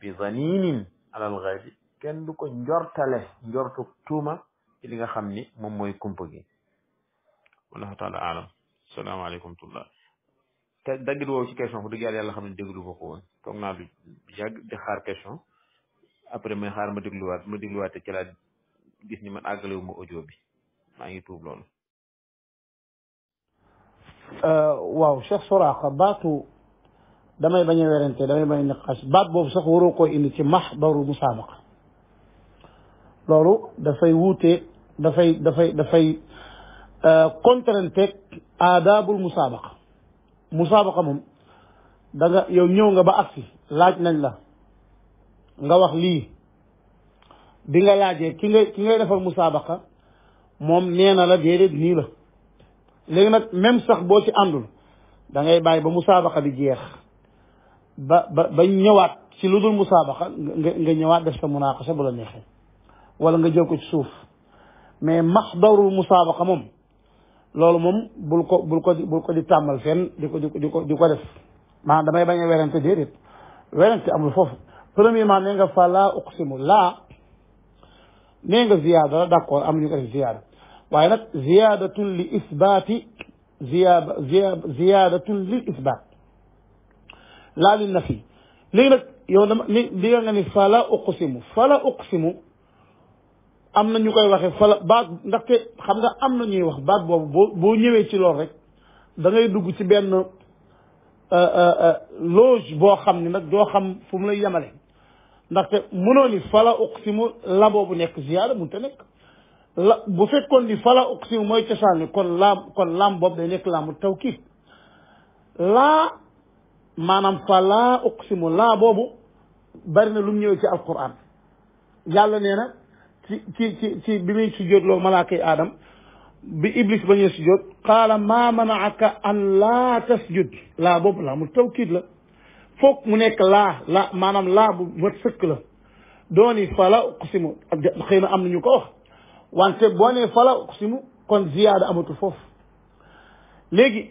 bi zaninin alal ghaibi kenn du ko njortale njortu tuuma ci li nga xam ni moom mooy kumpa gi wallahu taala alam salaamaaleykum tullah te daggit woowu ci question bu dëgg yàlla yàlla xam ne déglu ma ko woon lu yàgg di xaar question après may xaar ma dégluwaat ma dégluwaatee ci laa gis ni man àggale wu ma audio bi maa ngi tuub loolu. Euh, waaw Cheikh Souraqa baatu damay bañ a werante damay bañ a naqaas baat boobu sax waroo koo indi ci mahdaru musaabaqa loolu dafay wuute dafay dafay dafay kontranteeg euh, aadaabul musaabaqa musaabaqa moom da yow ñëw nga ba agsi laaj nañ la. nga wax lii bi nga laajee ki ngay ki ngay defal musaabaqa moom nee na la déedéet nii la léegi nag même sax boo ci àndul da ngay bàyyi ba musaabaqa bi jeex ba ba ba ñëwaat ci lu dul musaabaqa nga nga ñëwaat def sa munaaqasa bu la neexee wala nga jël ko ci suuf mais maxdarul musaabaqa moom loolu moom bul ko bul ko ko di tàmmal fenn di ko di ko ko def maanaam damay bañ a werante déedéet werante amul foofu premièrement nee nga fa laa uqsimu laa nee nga ziyaada la d' am ñu ko def ziyaada waaye nag ziyaadatun li isbaati ziyaada ziyaadatun li isbaat laa li nafi léegi nag yow dama li nga ni fa laa uqsimu fa laa uqsimu am na ñu koy waxee fa la baat ndaxte xam nga am na ñuy wax baat boobu boo boo ci lool rek da ngay dugg ci benn loge boo xam ne nag xam fu mu lay yemale ndaxte mënoo ni fala uqsimu la boobu nekk ziyaada mënut a nekk la bu fekkoon ni fala uqsimu mooy cosaan ni kon laam kon laam boobu day nekk laamu tawkiid laa maanaam fala uqsimu laa boobu bari na lu mu ñëwee ci alquran yàlla nee ci ci ci ci bi muy sujjóotloo malaaka yi aadam bi iblis ba ñuy sujjóot qaala maa manaaka an laa tasjud laa boobu laamul tawkiid la فوق منك لا لا ما نام لا بمسك دوني فلا أقسم خير أم نيكوه وانت بوني فلا أقسم كون زيادة أم تفوف لجي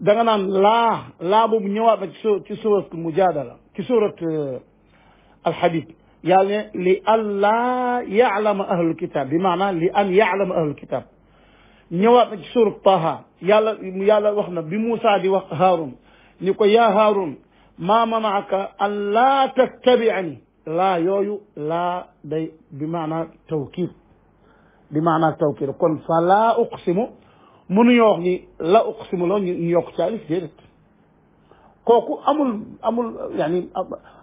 دعنا لا لا بمنيوا بتشو تشو رت مجادلة تشو الحديث يعني لألا يعلم أهل الكتاب بمعنى لأن يعلم أهل الكتاب نيوا بتشو رت طه يلا يلا وحنا بموسى دي هارون نيكو يا هارون maa manaaka an laa tattabiani laa yooyu laa day bi maanaa tawkiid bi maanaa tawkiid kon fa laa uqsimu mënuñoo wax ni la uqsimu la ñu yokk ci alif déedéet kooku amul amul yaani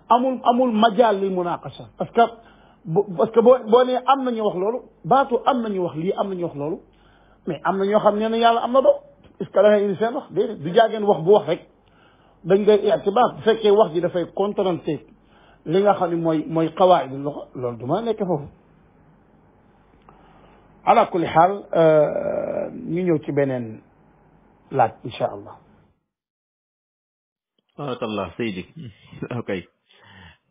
amul amul majaal lil munaqasha parce que parce que boo boo nee am nañu wax loolu baatu am nañu wax lii am nañu wax loolu mais am na ñoo xam ne ne yàlla am na do est ce que da ngay indi seen wax déedéet du jaageen wax bu wax rek dañ ngay ictibaar bu fekkee wax ji dafay contrante li nga xam ne mooy mooy qawaid loxo loolu du ma nekk foofu ala kulli xaal ñu ñëw ci beneen laaj incha allah barakallah Seydi ok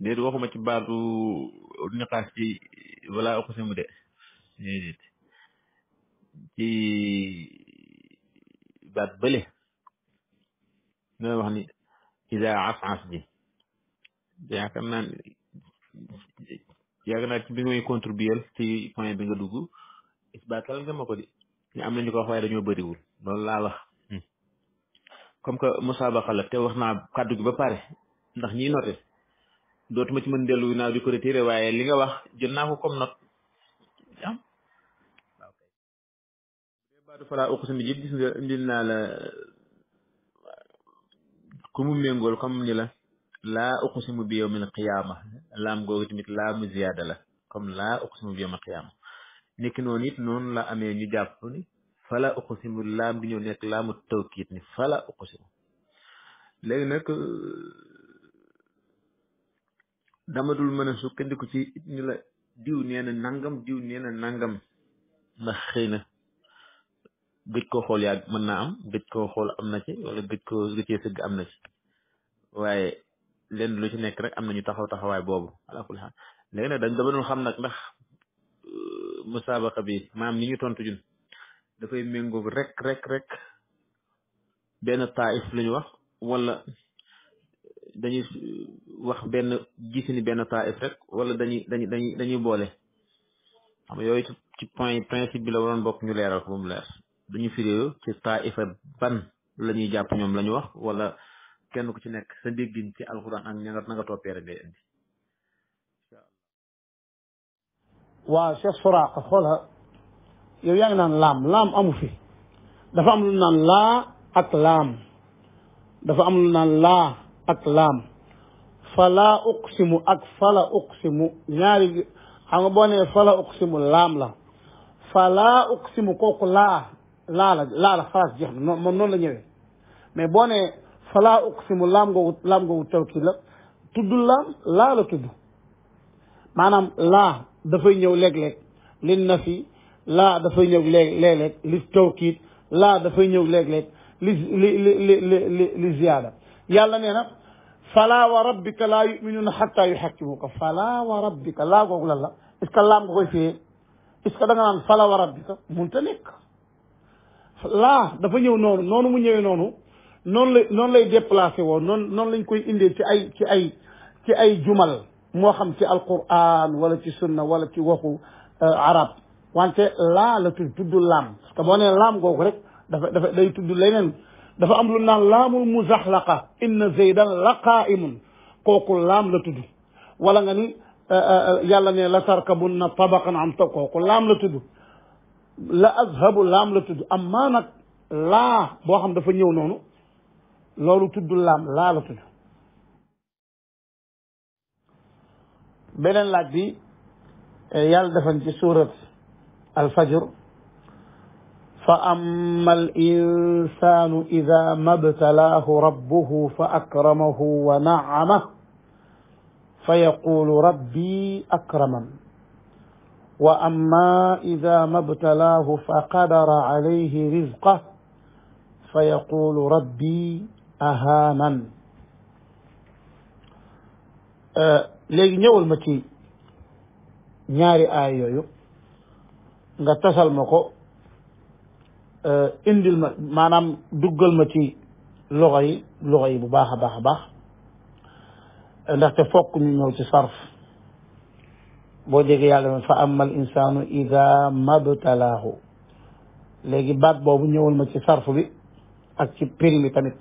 déet waxuma ci baatu niqaas ci wala uqsimu de déedéet ci baat bële dina wax ni Ida Af'af bi yaakaar naa ne yaakaar naa ci bi may contribuer ci point bi nga dugg isbaatal nga ma ko di ñu am nañu ko wax waaye dañoo bëriwul loolu laa wax hmm. comme que musaabaqa la te wax naa kàddu ba pare ndax ñiy noté dootuma ci mën dellu naaw di ko retiré waaye li nga wax jël naa ko comme note am baatu fala uqsim bi yëpp gis la ku mu méngool comme ni la laa uqsimu bi yawmil qiyaama laam googu tamit laamu ziyaada la comme laa uqsimu bi yawmil qiyaama nekki noonu it noonu la amee ñu jàpp ni fala uqsimu laam di ñëw nekk laamu tawkiit ni fala uqsimu léegi nag euh, dama dul mën a sukkandiku ci ni la diw nee na nangam diw nee nangam ndax xëy na gëj koo xool yàgg mën naa am gëj koo xool am na ci wala gëj koo am na ci waaye lenn lu ci nekk rek am na ñu taxaw taxawaay boobu ala kulli xaal léegi dañ dama doon xam nag ndax euh, musaabaqa bi maam ni ñu tontu jun dafay méngoo rek rek rek benn taif la wax wala dañuy wax benn gisini benn taif rek wala dañuy dañuy dañuy dañuy boole xam yooyu ci point principe bi la waroon bokk ñu leeral ko ba mu leer duñu firé ci taifa ban lañuy japp ñom lañu wax wala kenn ku ci nek sa déggin ci alquran ak ñangat nga topé rek ngay indi wa cheikh suraq xolha yow yaang nan lam lam amu fi dafa am lu nan la ak lam dafa am lu nan la ak lam fala uqsimu ak fala uqsimu ñaari xam nga bo ne fala uqsimu lam la fala uqsimu koku la laala laala phrase jeex na moom noonu la ñëwee mais boo nee falaa uqsimu laam ngoogu laam ngoogu la tudd laam laa la tudd maanaam laa dafay ñëw léeg-léeg li nafi laa dafay ñëw léeg li tawkiid laa dafay ñëw léeg-léeg li li li li li ziyaada yàlla nee na falaa wa rabbika laa yuminuuna xatta ko falaa wa rabbika laa googu lan la est ce laam nga koy fiyee est ce que da nga naan falaa wa rabbika munta nekk laa dafa ñëw noonu noonu mu ñëwee noonu noonu la noonu lay déplacé woo noonu noonu lañ koy indee ci ay ci ay ci ay jumal moo xam ci alquran wala ci sunna wala ci waxu euh, arab wante laa la tudd tudd laam parce nee laam googu rek dafa dafa day tudd leneen dafa am lu naan laamul muzaxlaqa inna zaydan la qaimun kooku laam la tudd wala nga ni euh, euh, yàlla ne la tarkabunna tabaqan am ta kooku laam la tudd la azhabu laam la tudd amma nag laa boo xam dafa ñëw noonu loolu tudd laam laa la tudd beneen laaj bi yàlla defan ci suurat alfajr فأما الإنسان إذا ما ابتلاه ربه فأكرمه ونعمه فيقول ربي أكرمن وأما إذا ما ابتلاه فقدر عليه رزقه فيقول ربي أهانا léegi ñëwal ma ci ñaari aay yooyu nga tasal ma ko euh, indil ma maanaam duggal ma ci loxo yi loxo yi bu baax a baax a baax ndaxte fokk ñu ñëw ci sarf boo déggee yàlla noonu fa amal insaanu ida mabtalaahu léegi baat boobu ñëwul ma ci sarf bi ak ci prix bi tamit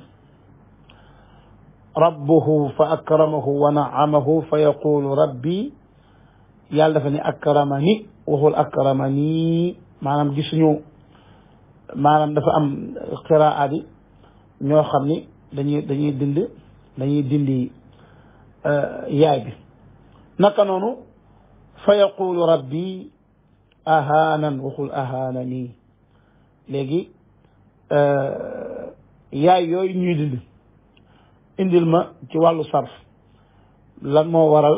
rabbuhu fa akramahu wa naamahu fa yaqulu rabbi yàlla dafa ne akramani waxul akramani maanaam gisuñu maanaam dafa am qiraa bi ñoo xam ni dañuy dañuy dind dindi euh, yaay bi naka fa yaqulu rabbi ahaanan waxul ahaanani léegi euh, yaay yooyu ñuy dindi indil ma ci wàllu sarf lan moo waral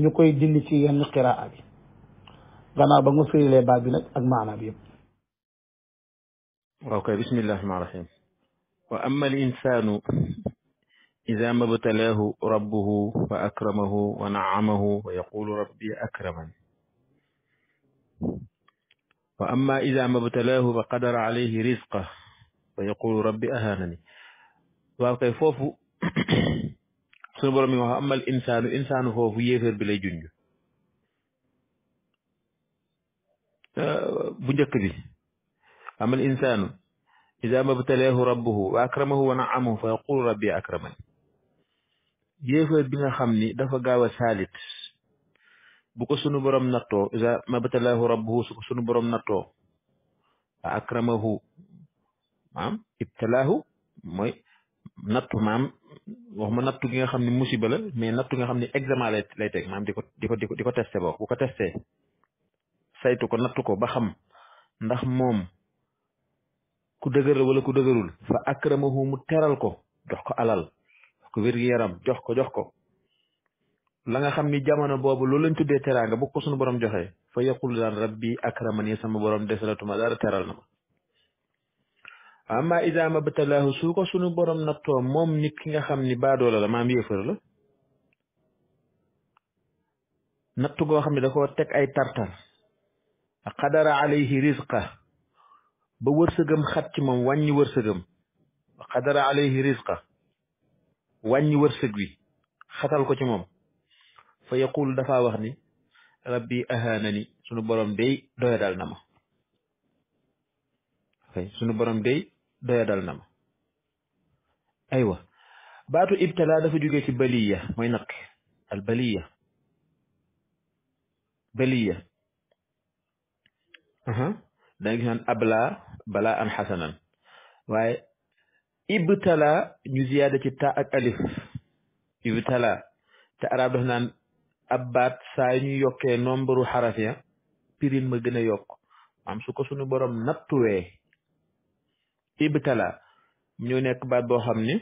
ñu koy dindi ci yenn qiraa bi gannaaw ba nga firilee baat bi nag ak maanaa bi yëpp waaw kay bismillahi rahmaani rahim wa amma al insanu إذا ما ابتلاه ربه فأكرمه ونعمه ويقول ربي أكرما وأما إذا ما ابتلاه فقدر عليه رزقه ويقول ربي أهانني وكيفوف سنبرم أما الإنسان الإنسان فوف يفر بلا جنج آه، بجكري أما الإنسان إذا ما ابتلاه ربه وأكرمه ونعمه فيقول ربي أكرمني yéefar bi nga xam ni dafa gaaw a saalit bu ko sunu borom nattoo isa mabtalaahu rabbuhu su ko sunu borom nattoo fa akramahu maam ibtalaahu mooy nattu maam wax ma nattu gi nga xam ne musiba la mais nattu nga xam ne examen lay lay teg maam di ko di ko ko testé boo bu ko testé saytu ko ba xam ndax moom ku dëgër la wala ku dëgërul fa akramahu mu teral ko jox ko alal ko wér yaram jox ko jox ko nga xam ni jamono boobu loolu lañ tuddee teraanga bu ko sunu borom joxee fa yaqul daan rabbi akramani sama borom desalatuma dara teral na ma amma idaa mabtalaahu su ko sunu ki nga xam ni baadoola la maam yéefar nattu goo xam ne da koo teg ay tartar qadara alayhi rizqa ba wërsëgam xat ci moom wàññi wërsëgam qadara alayhi rizqa wàññi wërseug wi xatal ko ci mom fa yaqul dafa wax ni rabbi ahanani sunu borom day doya dal nama fay sunu borom day doyadal na ma aywa batu ibtala dafa jóge ci baliya moy nak al baliya baliya aha da nga gis abla bala an hasanan waye ibtala ñu ziyaada ci ta ak alif ibtala te arab daf naan ab baat saa ñu yokkee nombre xaraf ya pirin ma gën a yokk maam su ko suñu borom nattuwee ibtala ñu nekk baat boo xam ni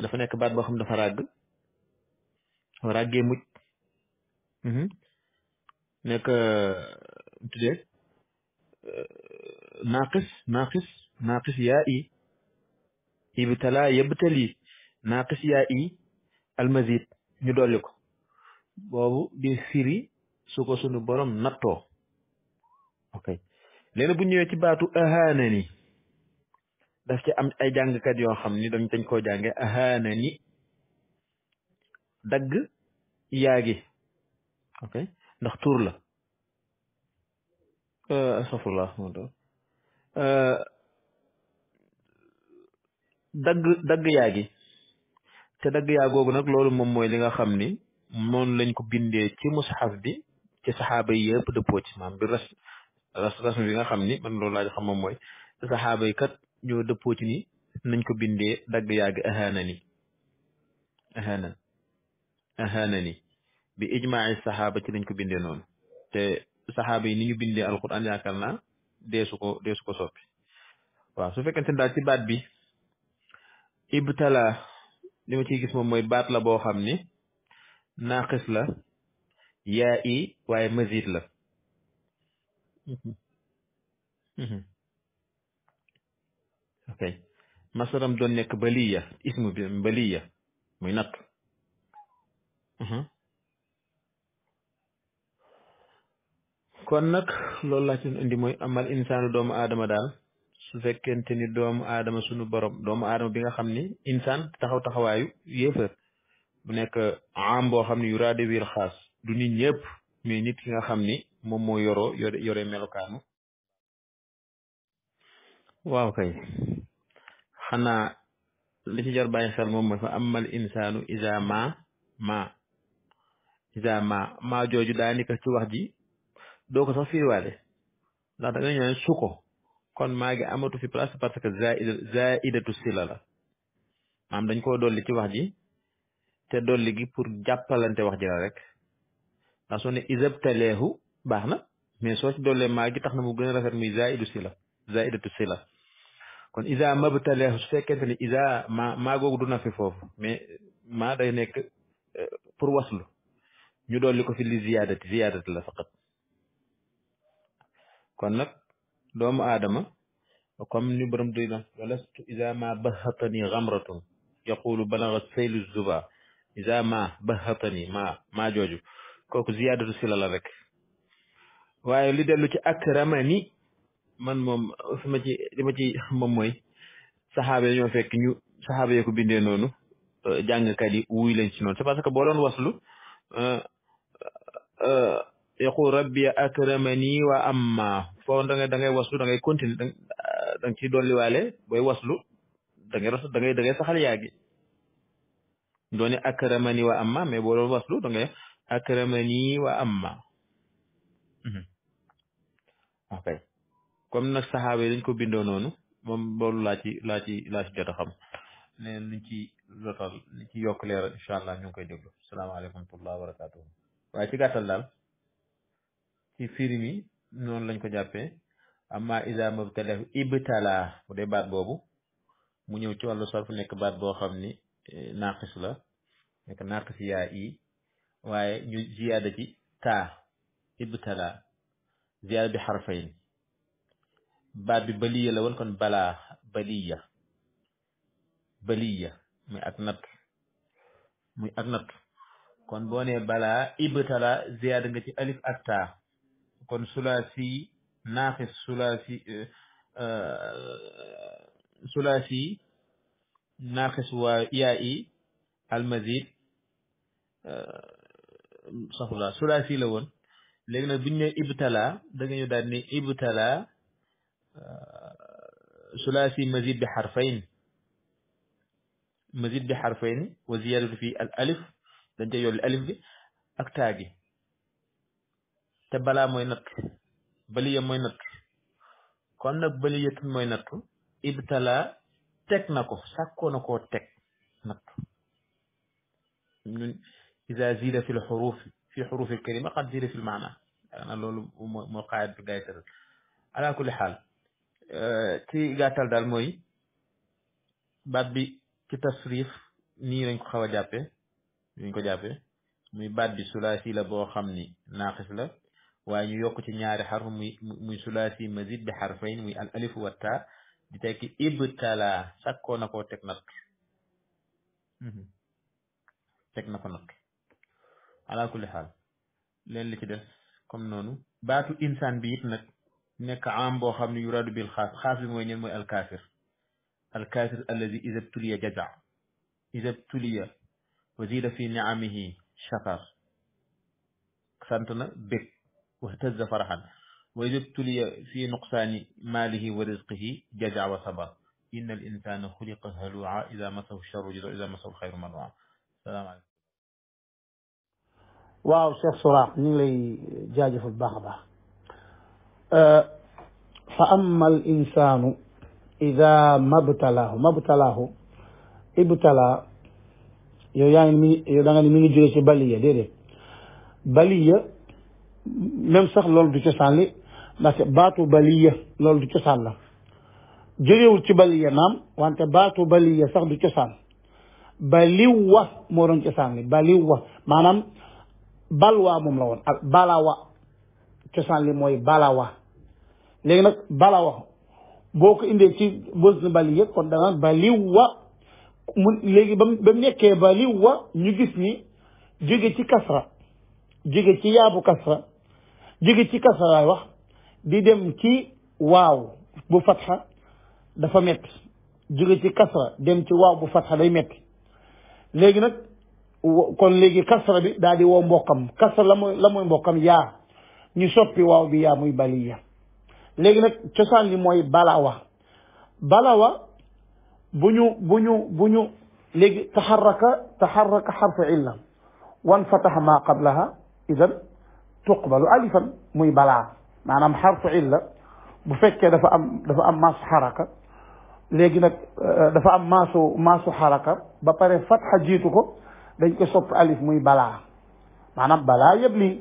dafa nekk baat boo xam ne dafa ràgg ràggee mucc mhm. nekk euh, tuddee euh, naaqis naaqis naaqis i ibtala yabtali naaqis yaa i almazid ñu dolli ko boobu di firi su ko sunu borom nattoo ok léegi bu ñëwee ci baatu ahanani daf ci am ay jàngkat yoo xam ni dañ dañ koo jànge ahanani dagg yaagi ok ndax tur la euh, astafurlah dagg dagg yaa te dagg yaa googu nag loolu moom mooy li nga xam ni noonu lañ ko bindee ci mushaf bi ci saxaaba yi yëpp dëppoo ci maam bi ras ras rasm bi nga xam ni man loolu laa di xam moom mooy saxaaba yi kat ñoo dëppoo ci ni nañ ko bindee dagg yaa gi ahaana ni ahaana ahaana ni bi ijmaai saxaaba ci lañ ko bindee noonu te saxaaba yi ni ñu bindee alquran yaakaar naa deesu ko deesu ko soppi waaw su fekkente daal ci baat bi ibtala li ma ciy gis moom mooy baat la boo xam ni naaqis la yaa i waaye mazid la mhm. Mhm. ok masaram doon nekk baliya ismu bi baliya muy natt mhm. kon nag loolu laa ci indi amal insaanu doomu aadama daal su fekkente ni doomu aadama sunu borom doomu aadama bi nga xam ni insan taxaw taxawaayu yéefar bu nekk am boo xam ne yu raade wiir xaas du nit ñëpp mais nit ki nga xam ni moom moo yoroo yore yore melokaanu waaw kay xanaa li ci jar bàyyi xel moom mooy fa amal insaanu isa ma ma ma ma jooju daa ci wax ji doo ko sax firiwaale ndax da nga ñëw su kon maa ngi amatu fi place parce que zaida zaidatu sila la maam dañ ko dolli ci wax ji te dolli gi pour jàppalante wax ji la rek ndax soo ne isabtaleehu baax na mais soo dool dollee maa gi tax na mu gën a rafet muy zaidu sila zaidatu sila kon isa mabtaleehu su fekkente ne isa ma maa du na fi foofu mais maa day nekk eh, pour waslu ñu dolli ko fi li ziyaadati ziyaadati la faqat kon nag doomu aadama comme ni borom doy na walastu isa ma bahatani xamratun yaqulu balaga saylu zuba isa ma bahatani ma maa jooju kooku ziyaadatu sila la rek waaye li dellu ci akramani man moom fi ma ci li ma ci moom mooy saxaaba yi fekk ñu saxaaba yi ko bindee noonu jàngkat yi wuy lañ ci noonu c'est parce boo doon waslu euh, euh, yaqul rabbi akramani wa amma foofu da ngay da ngay waslu da ngay da nga ah, ciy dolliwaale booy waslu da ngay da ngay da ngay saxal yaa gi doone akramani wa amma mais boo doon waslu da ngay akramani wa amma mhm. ok comme nag saxaaba yi dañ ko bindoo noonu moom loolu laa ci laa ci laa ci a xam ne liñ ci jotal liñ ci yokk leeral incha allah ñu ngi koy déglu salaamaaleykum wa rahmatulah wa a waaye ci daal ci firi mi lañ ko jàppe amma isa mubtala ibtala bu dee baat boobu mu ñëw ci wàllu sarf nekk baat boo xam ni eh, naqis la nekk naqis yaa yi waaye ñu ziyaada ci taa ibtala ziyaada bi xarfayn baat bi baliya la woon kon balaa baliya baliya muy ak natt muy ak natt kon boo nee balaa ibtala ziyaada nga ci alif ak taa كون ثلاثي ناقص ثلاثي آه، آه، ثلاثي ناقص ويائي المزيد صح الله ثلاثي لون لكن بني ابتلا دغنيو داني ابتلا ثلاثي مزيد بحرفين مزيد بحرفين وزياده في الالف دنجي الالف دي te balaa mooy nattu baliya mooy nattu kon nag baliyatun mooy nattu ibtala teg na ko sàkkoo na koo teg nattu ñun ida zida fi lxuruf fi xuruf alkalima qad zida fi lmaana ana loolu moo xaayat bi gaay tëral ala kulli xaal ci gàttal daal mooy baat bi ci tasrif nii lañ ko xaw a jàppe ñu ko jàppe muy baat bi sulaasi la boo xam ni naaqis la وأن يوقع نيار حرف من ثلاثي مزيد بحرفين من الألف والتاء بتاك إبتلا سكو نكو تكنك تكنك نك على كل حال لين لكي دس كم نونو باتو إنسان بيت نك نك عام بو خام يراد بالخاص خاص موين مو الكافر الكافر الذي إذا ابتلي جزع إذا ابتلي وزيد في نعمه شكر سنتنا بك واهتز فرحا واذا ابتلي في نقصان ماله ورزقه جزع وصبر إن الإنسان خلق هلوعا إذا مسه الشر جزع إذا مسه الخير مرعا السلام عليكم واو شيخ صراح من اللي جاج في البغضة أه فأما الإنسان إذا ما ابتلاه ما ابتلاه ابتلا يو يعني من دعاني مين جلسي بلية بلية même sax loolu du cosaan li ndaxte baatu baliya loolu du cosaan la jógewul ci baliya naam wante baatu baliya sax du cosaan baliwa moo doon cosaan li baliwa maanaam balwa moom la woon balawa cosaan li mooy balawa léegi nag balawa boo ko indee ci bosn baliya kon danaan baliwa mu léegi ba ba mu nekkee baliwa ñu gis ni jóge ci kasra jóge ci yaabu kasra jóge ci kasra laay wax di dem ci waaw bu fatxa dafa metti jóge ci kasra dem ci waaw bu fatxa day metti léegi nag kon léegi kasra bi daal di woo mbokkam kasra la mooy la mooy mbokkam yaa ñu soppi waaw bi yaa muy baliya léegi nag cosaan li mooy balawa balawa bu ñu bu ñu bu ñu léegi taxaraka taxaraka xarfu illa wan fataxa maa qablaha idan تقبل ألفا مي بلا معناها حرف علة بفكة دفع أم دفع أم ماس حركة لكن آه، دفع أم ماسو ماسو حركة بطري فتحة جيتوك دي كسوف ألف مي بلا معناها بلا يبلي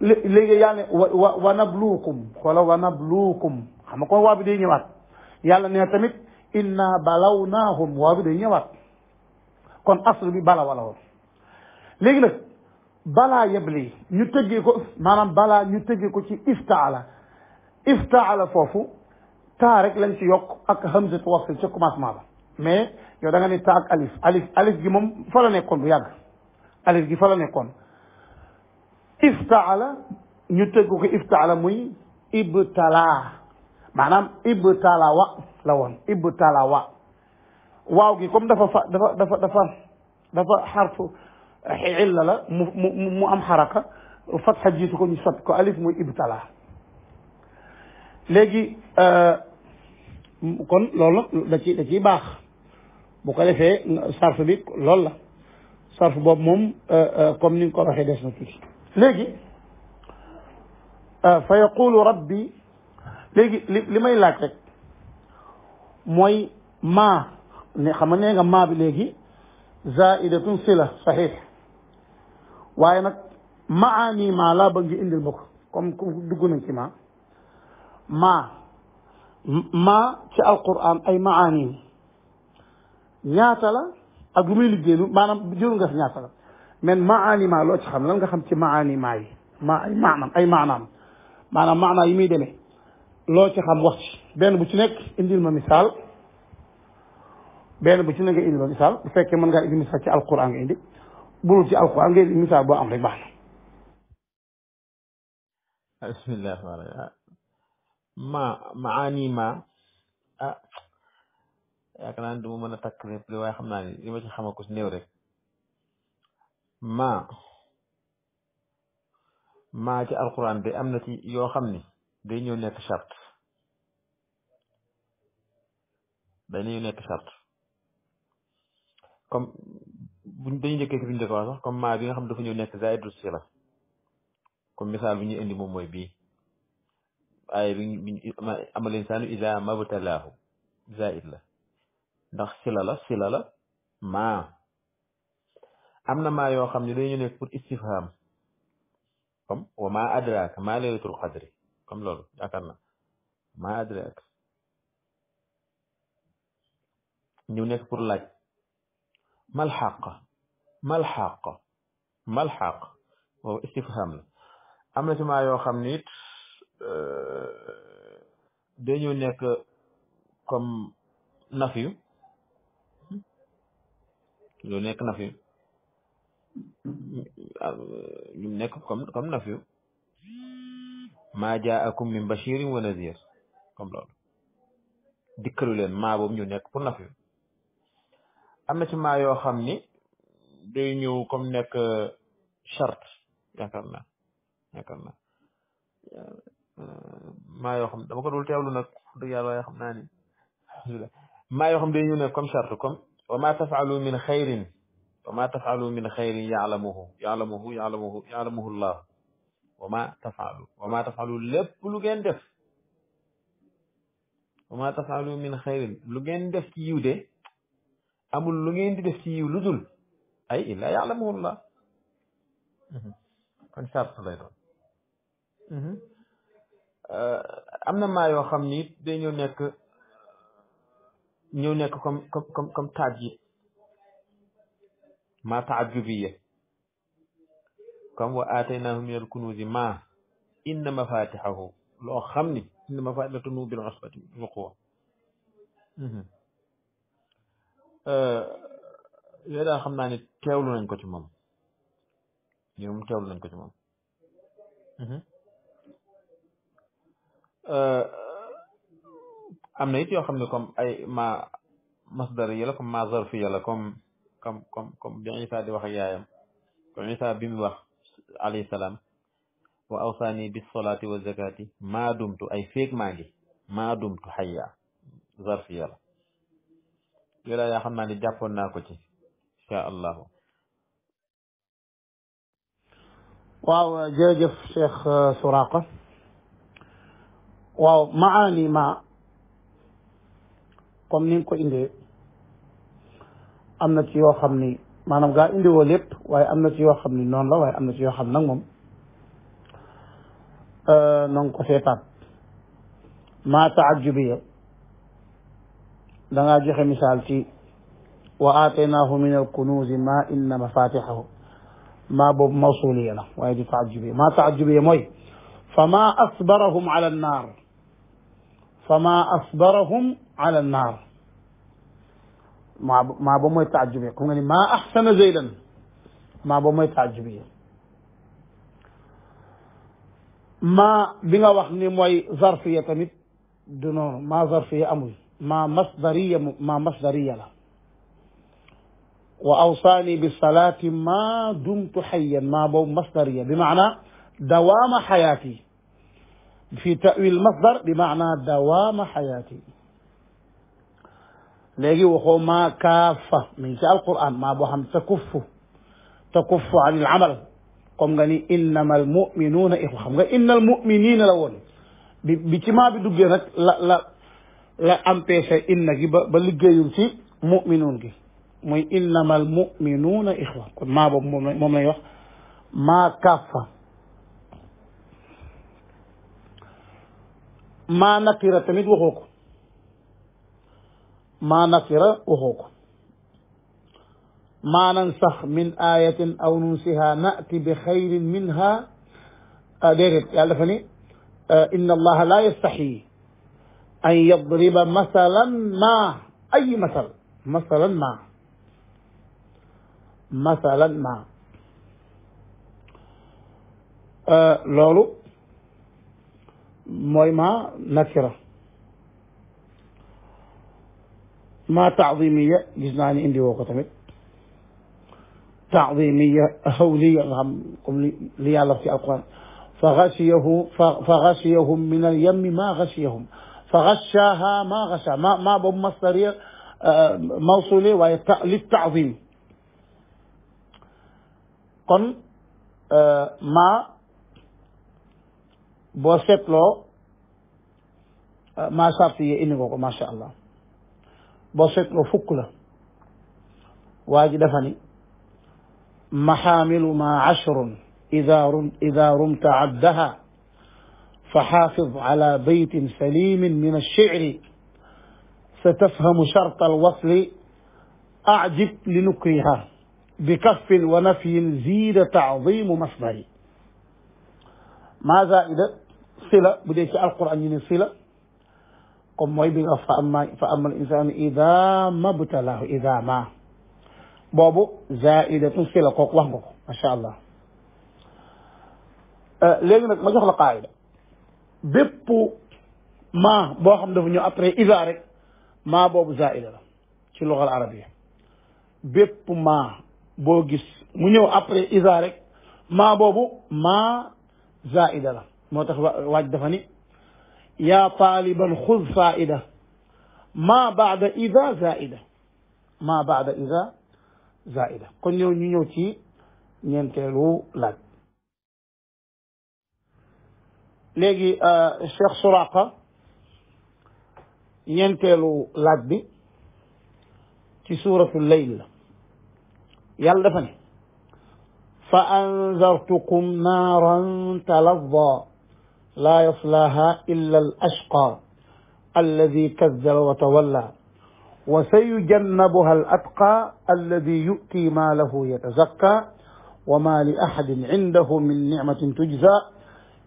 لكن يعني ونبلوكم ولا ونبلوكم خما كون واب دي نيوات يالا نيا تاميت إنا بلوناهم واب دي نيوات كون أصل بي بلا ولا ولا لكن balaa lii ñu tëggee ko maanaam balaa ñu tëggee ko ci iftaala iftaala foofu taa rek lañ ci yokk ak hamzatu wasl ca commencement ba mais yow da nga ne taa ak gi moom fa la nekkoon bu yàgg alif gi fa la nekkoon iftaala ñu tëgg ko iftaala muy ibtalaa maanaam ibtalaawa la woon ibtalaawa waaw gi comme dafa fa dafa dafa dafa dafa xarfu illa la mu mu mu am xaraka fatxa jiitu ko ñu sotti ko alif muy ibtala léegi euh, kon loolu nag da ci da ciy baax bu ko defee sarf bi loolu la sarf boobu moom euh, euh, comme ni nga ko waxee des na tuuti léegi fa yaqulu rabbi léegi li li may laaj rek mooy maa ne xam nga nee nga maa bi léegi zaidatun sila saxiix waaye nag maani ma laa bëgg indi indil ma ko comme comme nañ ci ma ma ma ci alquran ay maani ñaata la ak lu muy liggéeynu maanaam jëru nga fi ñaata la mais maani ma loo ci xam lan nga xam ci maani ma yi ma ay maanaam ay maanaam maanaam maanaa yi muy demee loo ci xam wax ci benn bu ci nekk indi ma misaal benn bu ci nekk nga indil ma misaal bu fekkee mën ngaa indi misaal ci alquran nga indi bu ci alquran ngay misaal boo am rek baax ma ah. maani ma ah yaakaar naa ne duma mën a takk lépp li waaye xam naa ni li ci xama ko si néew rek ma maa ci alquran de am na ci yoo xam ni day ñëw nekk chart day ñëw nekk chart comme buñ dañu njëkkee ci buñ defa sax comme ma bi nga xam dafa ñëw nekk zaidu sila comme misal bi ñu indi moom mooy bii ay bi bi amal insanu iza mabtalaahu zaid la ndax sila la sila la ma amna ma yo xamni day ñu nekk pour istifham comme wa ma adraka ma laylatul qadri comme loolu yakarna ma adraka ñu nekk pour laaj mal haqa ما الحق ما الحق استفهام امنا جماعة يو خمنيت آه، دينيو نيك كم نفيو لو نيك نفيو نيك كم نفيو ما جاءكم من بشير ونذير كم لول ديكلو لين ما بوم نيو نيك بو نفيو امنا جماعة يو خمنيت day ñëw comme nekk charte yaakaar naa yaakaar naa maa yoo xam dama ko dul teewlu nag dëgg yàlla waaye xam naa ni alhamdulilah maa yoo xam day ñëw nekk comme charte comme wa ma tafalu min xayrin wa ma tafalu min xayrin yaalamuhu yaalamuhu yaalamuhu yaalamuhu allah wa ma tafalu wa ma tafalu lépp lu ngeen def wa ma tafalu min xayrin lu ngeen def ci yiw de amul lu ngeen di def ci yiw lu dul أي لا يعلمه الله incha lay doon am na maa yoo xam ni it day ñëw nekk ñëw nekk comme comme comme comme taajib maa taajubiya comme wa aataynaahu min al kunuuzi maa inna mafatixahu loo xam ni inna mafatixahu tunu bil usbati al quwa yooyu daal xam naa ne teewlu nañ ko ci moom yooyu moom teewlu nañ ko ci moom am na it yoo xam ne comme ay ma masdar yi la comme ma zarfiya la comme comme comme comme bi Isa di wax ak yaayam comme Isa bi mu wax alayhi salaam wa awsaani bis salaati wa zakaati maa dumtu ay feeg maa ngi maa dumtu xayya zarfiya la yooyu daal yaa xam naa ne jàppoon naa ko ci شاء الله واو جوجف شيخ سراقة واو معاني ما قم نينكو اندي امنا تيو خمني ما نمغا اندي وليب واي امنا تيو خمني نون لا واي امنا تيو خمنا نغم أه، نونكو سيطان ما تعجبية دعا جيخي مثال تي وآتيناه من الكنوز ما إن مفاتحه ما بوب موصولية له ويجي تعجبية ما تعجبية موي فما أصبرهم على النار فما أصبرهم على النار ما بوب موي تعجبية يعني ما أحسن زيدا ما بوب موي تعجبية ما بيغا وخني موي ظرفية تمت دونو ما ظرفية أموي ما مصدرية ما مصدرية له وأوصاني بالصلاة ما دمت حيا ما بوم مصدرية بمعنى دوام حياتي في تأويل المصدر بمعنى دوام حياتي لأجي وخو ما كافة من شاء القرآن ما بوهم تكف تكف عن العمل قم غني إنما المؤمنون إخوة إن المؤمنين لون بيتي ما بدو لا لا لا أمبيسي إنك بلقى يمسي مؤمنون جي moy innamal mu'minuna ikhwa kon ma bob mom lay wax ma kafa ma nakira tamit waxoko ma nakira waxoko ma maa nansax min ayatin aw nunsiha nati bi khairin minha déedéet yàlla dafa ni inna allaha la yastaxi an yadriba masalan ma ay masal masalan ma مثلا ما أه، لولو موي ما نكره ما تعظيمية جزناني اندي وقتمت تعظيمية هولية غام قبلي في القرآن فغشيه فغشيهم من اليم ما غشيهم فغشاها ما غشا ما ما بمصدرية أه، موصولة للتعظيم kon ma bo setlo ma sart ye indi ko ma sha allah bo setlo fuk la waji dafa ni mahamilu ma ashr ida rum ida rumta abdaha فحافظ على بيت سليم من الشعر ستفهم شرط الوصل أعجب لنكرها بكف ونفي زيد تعظيم مصدري ماذا إذا صلة بدي القرآن يني صلة قم موي بيغا فأما, فأما الإنسان إذا ما بتلاه إذا ما بابو زائدة صلة قوك وهمك ما شاء الله أه ما جوخ قاعدة بيبو ما بو خم داف إذا رك ما بابو زائدة في اللغة العربية بب ما boo gis mu ñëw après isa rek ma boobu maa zaida la moo tax waaj dafa ni yaa taaliban xuz faida maa baada isa zaida maa baada isa zaida kon ñëw ñu ñëw ci ñeenteelu laaj léegi euh, Cheikh Suraqa ñeenteelu laaj bi ci suuratu leyl la يلا دفني فأنذرتكم نارا تلظى لا يصلاها إلا الأشقى الذي كذب وتولى وسيجنبها الأتقى الذي يؤتي ماله يتزكى وما لأحد عنده من نعمة تجزى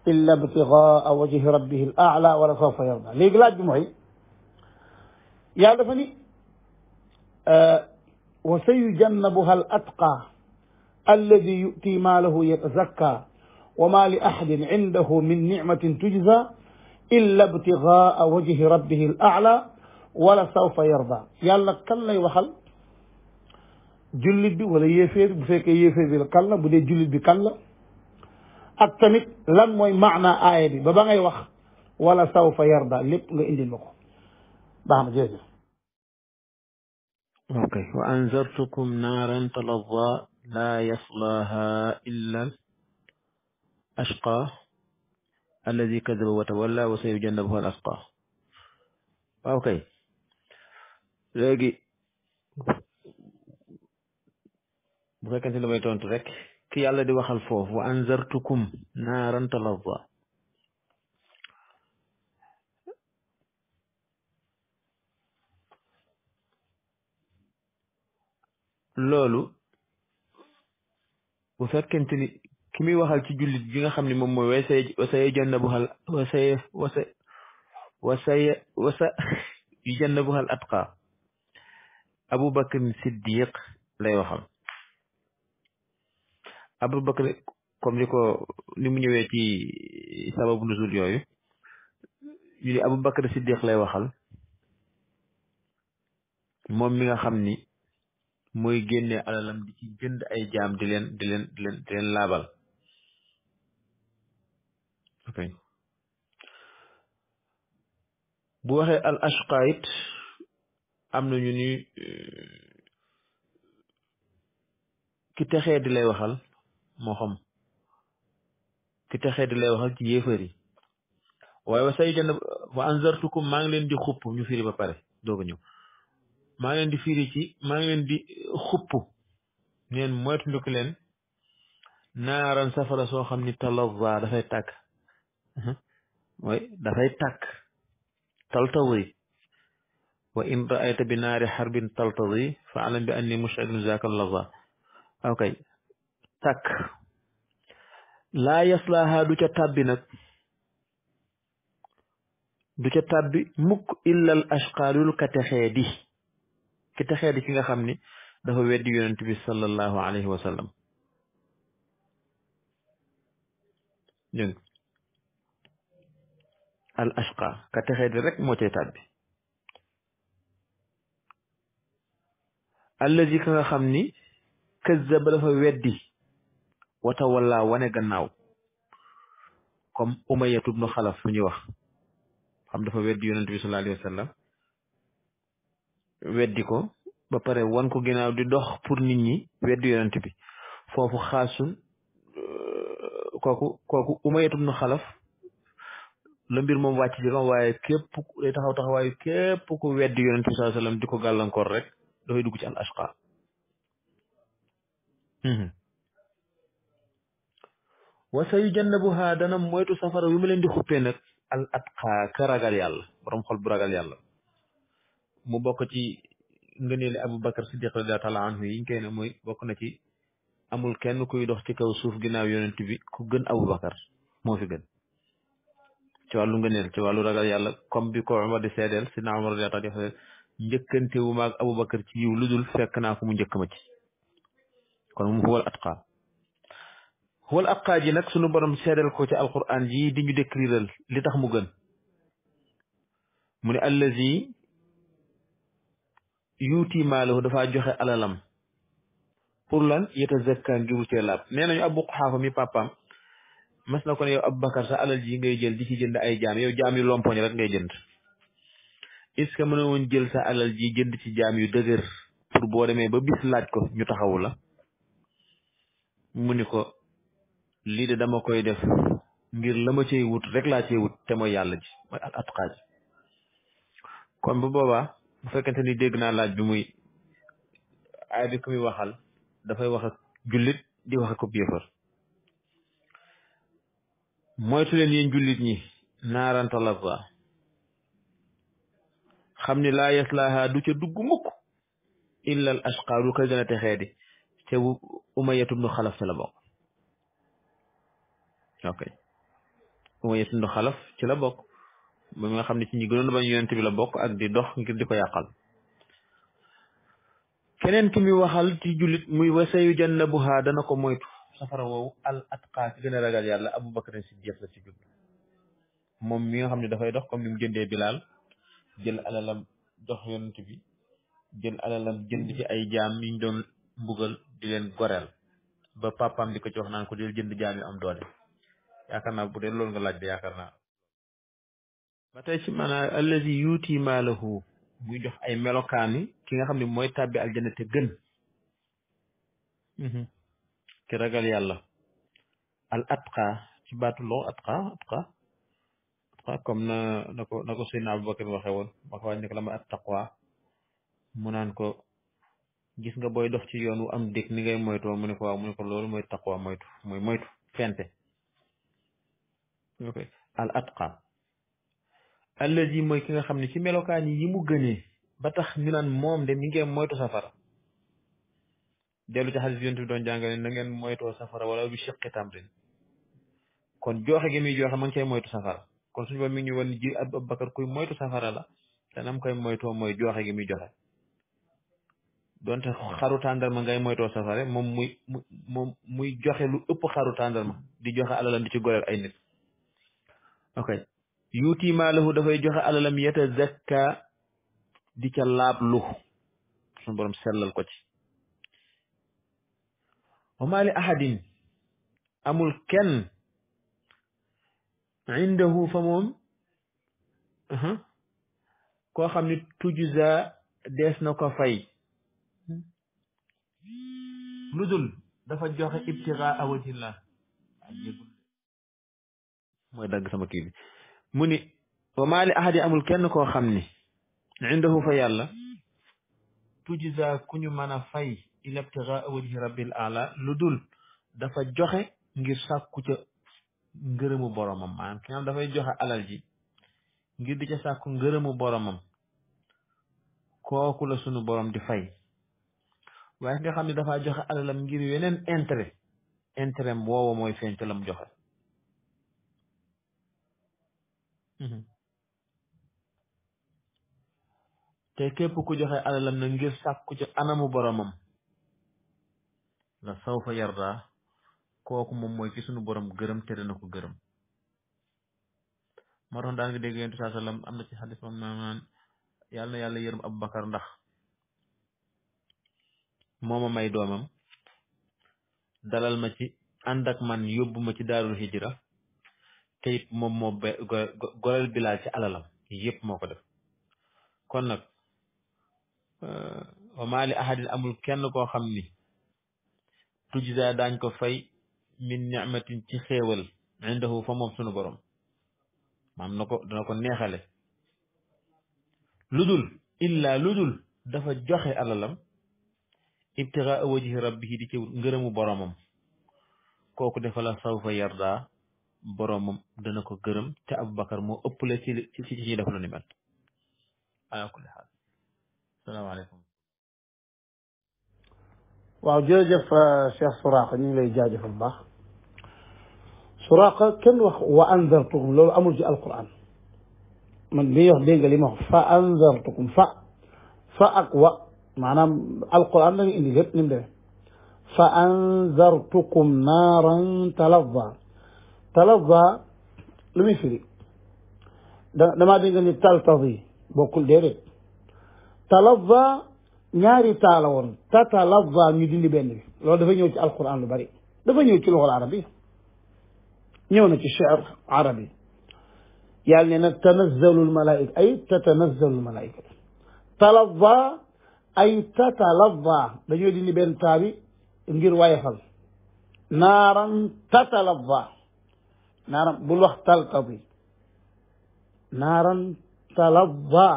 إلا ابتغاء وجه ربه الأعلى ولسوف يرضى ليقلاد جمعي يا دفني آه وسيجنبها الأتقى الذي يؤتي ماله يتزكى وما لأحد عنده من نعمة تجزى إلا ابتغاء وجه ربه الأعلى ولا سوف يرضى يلا كلا يوحل جلد ولا يفيد بفيك يفيد الكلا بدي جلد بكلا أكتمت لم وي معنى آية بي ببغي وخ ولا سوف يرضى لب لإن المقوم بهم جزيلا أوكي. وأنذرتكم نارا تلظى لا يصلاها إلا أشقى الذي كذب وتولى وسيجنبها الأشقى أوكي لاجي بغيك أنت لما يتون ترك كي يالا دي وخل وأنذرتكم نارا تلظى loolu bu fekkente ni ki muy waxal ci jullit bi nga xam ne moom mooy wasay wasay jannabuhal wasay wasa wasay wasa yu jannabuhal atqa Abu Bakr Siddiq lay waxal Abu Bakr comme ni ko ni mu ñëwee ci sababu nuzul yooyu ñu ne Abu Bakr Siddiq lay waxal moom mi nga xam ni mooy génne alalam di ci jënd ay jaam di leen di leen di leen di laabal bu waxee al ashqa it am na ñu ni eh, ki texee di lay waxal moo ki texee di lay waxal ci yéefar yi waaye wa say jënd wa anzartukum maa ngi leen di xupp ñu firi ba pare dooga ñëw maa leen di firi ci maa leen di xupp neen moytundiku leen naaran safara soo xam ni talazza dafay tàkk mooy dafay tàkk taltazi wa in ra'ayta bi naari xarbin taltazi fa alam bi anni mushadun zaaka laza ok tàkk laa yaslaaha du ca tàbbi nag du ca tàbbi mukk illa al ashqaalul ka texee di ki texee di ki nga xam ni dafa weddi yonent bi sallallahu alayhi wa sallam dégg al ashqa ka texee di rek moo cay tàbbi allazi ka nga xam ni kazzaba dafa weddi wata wala wane gannaaw comme umayatu bnu xalaf fu ñuy wax xam dafa weddi yonent bi sallallahu alayhi wa sallam weddi ko ba pare wan ko ginnaaw di dox pour nit ñi weddi yonent bi foofu xaasun euh, kooku kooku umayatum nu xalaf la mbir moom wàcc ci loolu waaye képp day taxaw taxawaayu képp weddi yonent bi sallallahu alayhi di ko gàllankoor rek dafay dug ci al ashqa hmm. wa sayujannabuha dana moytu safara wi mu leen di xuppee nag al atqa ka ragal yàlla borom xol bu ragal yàlla mu bokk ci ngëneeli abou Bakar Siddiq radiyallahu allah anhu yi ñu koy ne mooy bokk na ci amul kenn kuy dox ci kaw suuf ginnaaw yonent bi ku gën abou Bakar moo fi gën ci wàllu ngëneel ci wàllu ragal yàlla comme bi ko Umar di seedeel si na Umar radiyallahu taala anhu njëkkante wu maag abou Bakar ci yiw lu dul fekk naa ko mu njëkk ma ci kon mu huwal atqa huwal atqa ji nag sunu borom seedeel ko ci alquran ji di ñu décriral li tax mu gën mu ne allazi yuuti maalahu dafaa joxe alalam pour lan yeta zakkaan jubu cee laab nee nañu Abu Quhaafa mi papaam mas na ko ne yow Abubakar sa alal ji ngay jël di ci jënd ay jaam yow jaam yu lompoñ rek ngay jënd est-ce que mën woon jël sa alal ji jënd ci jaam yu dëgër pour boo demee ba bis laaj ko ñu taxawu la mu ni ko lii de dama koy def ngir la ma cey wut rek laa cey wut te mooy yàlla ji mooy al atqaa ji kon bu boobaa bu fekkente ni dégg naa laaj bi muy aay bi waxal dafay wax ak jullit di wax ak ko yëfër moytu leen yéen jullit ñi naaran talazaa xam ni la yaslaaha du ca dugg mukk illa al ashqaa lu koy gën a texee di te umayatu bnu xalaf ci la bokk ok umayatu bnu xalaf ci la bokk ba nga xamni ci ñi gënoon ba yonent bi la bok ak di dox ngir di yaqal yàqal keneen ki mi waxal ci julit muy wasayu jannabuha dana ko moytu safara wo al atqa ci gëna ragal yalla abou bakar jëf la ci jublu mom mi nga xamni da fay dox comme ni jëndé bilal jël alalam dox yonent bi jël alalam jënd ci ay jaam ñu doon mbugal di leen gorel ba papam diko jox nan ko del jënd jaam yu am doole yaakaar naa bu dee loolu nga laaj de yaakaar naa ba tey ci maanaam allazi yuuti maalahu muy jox ay melokaani ki nga xam ne mooy tàbbi aljana te gën mm-hmm. ki ragal yàlla al atqa ci baatu loo atqa atqa comme na na ko na ko Seydina Abubakar waxe woon ba ko wàñ ne ko la ma attaqwa mu naan ko gis nga booy dox ci yoon wu am dég ni ngay moytoo mu ne ko waaw mu ne ko loolu mooy taqwa moytu mooy moytu fente ok allazi mooy ki nga xam ne ci melokaan yi mu gënee ba tax ñu naan moom de mi ngeen moytu safara dellu ci xadis yonent bi doon jàngale na ngeen moytoo safara wala bi shiqqi tamrin kon jooxe gi muy ma ngi cay moytu safara kon suñ ba mi ngi ñu wan ji ab Bakar kuy moytu safara la te nam koy moytoo mooy jooxe gi muy joxe donte xaru tàndarma ngay moytoo safare moom muy moom muy joxe lu ëpp xaru tàndarma di joxe alalam di ci goreel ay nit ok yuuti maalahu dafay joxe alalam yatazakka di ca laablu suñu borom sellal ko ci wa maa li ahadin amul kenn indahu fa moom koo xam ni tujuza dees na ko fay lu dul dafa joxe ibtigaa wajhillah mooy dagg sama kii bi mu ni wa maa ahadi amul kenn koo xam ni indahu fa yàlla tujza ku ñu mën a fay ila ibtigaa lu dul dafa joxe ngir ku ca ngërëmu boromam maanaam ki dafay joxe alal ji ngir di ca sàkku ngërëmu boromam kooku la sunu borom di fay waaye nga xam ne dafa joxe alalam ngir yeneen intérêt intérêt boobu mooy feeñ ca lam joxe Mhm. te képp ku joxe alalam na ngir sàkku ci anamu boromam la sawfa yarda kooku moom mooy ki sunu borom gërëm te dana ko gërëm moo tax daan nga dégg yonent am na ci xadis moom naa naan yàlla yàlla yërëm Abu Bakar ndax moom ma may doomam dalal ma ci ànd man yóbbu ci daarul hijra te it moom moo ba golal bilaal ci alalam yëpp moo ko def kon nag wa maa li ahadin amul kenn koo xam ni tujza daañ ko fay min nicmatin ci xéewal indahu fa moom sunu borom maam na ko dana ko neexale ludul illa ludul dafa joxe alalam ibtigaa wajhi rabbihi di ci ngërëmu boromam kooku dafa la sawfa yarda boromam dana ko gërëm te Abubakar moo ëppale ci ci ci ñuy def lu ni mel ala kulli xaal salaamaaleykum waaw jërëjëf Cheikh Souraqa ñu ngi lay jaajëfal bu baax Souraqa kenn wax wa anzartukum loolu amul ci alquran man bi wax dégg nga li ma wax fa anzartukum fa fa ak wa maanaam alquran da nga indi lépp ni mu demee fa anzartukum naaran talazza تلظى لمفري لما دينغني تلتظي بوكل ديري تلظى ناري تالون تتلظى نيدين بيني لو دا القران لو بري دا فنيو سي اللغه العربيه نيونا سي عربي يعني نتنزل الملائكه اي تتنزل الملائكه تلظى اي تتلظى دا نيدين بين تابي غير وايفال نارا تتلظى naaran bul wax taltadi naaran talabba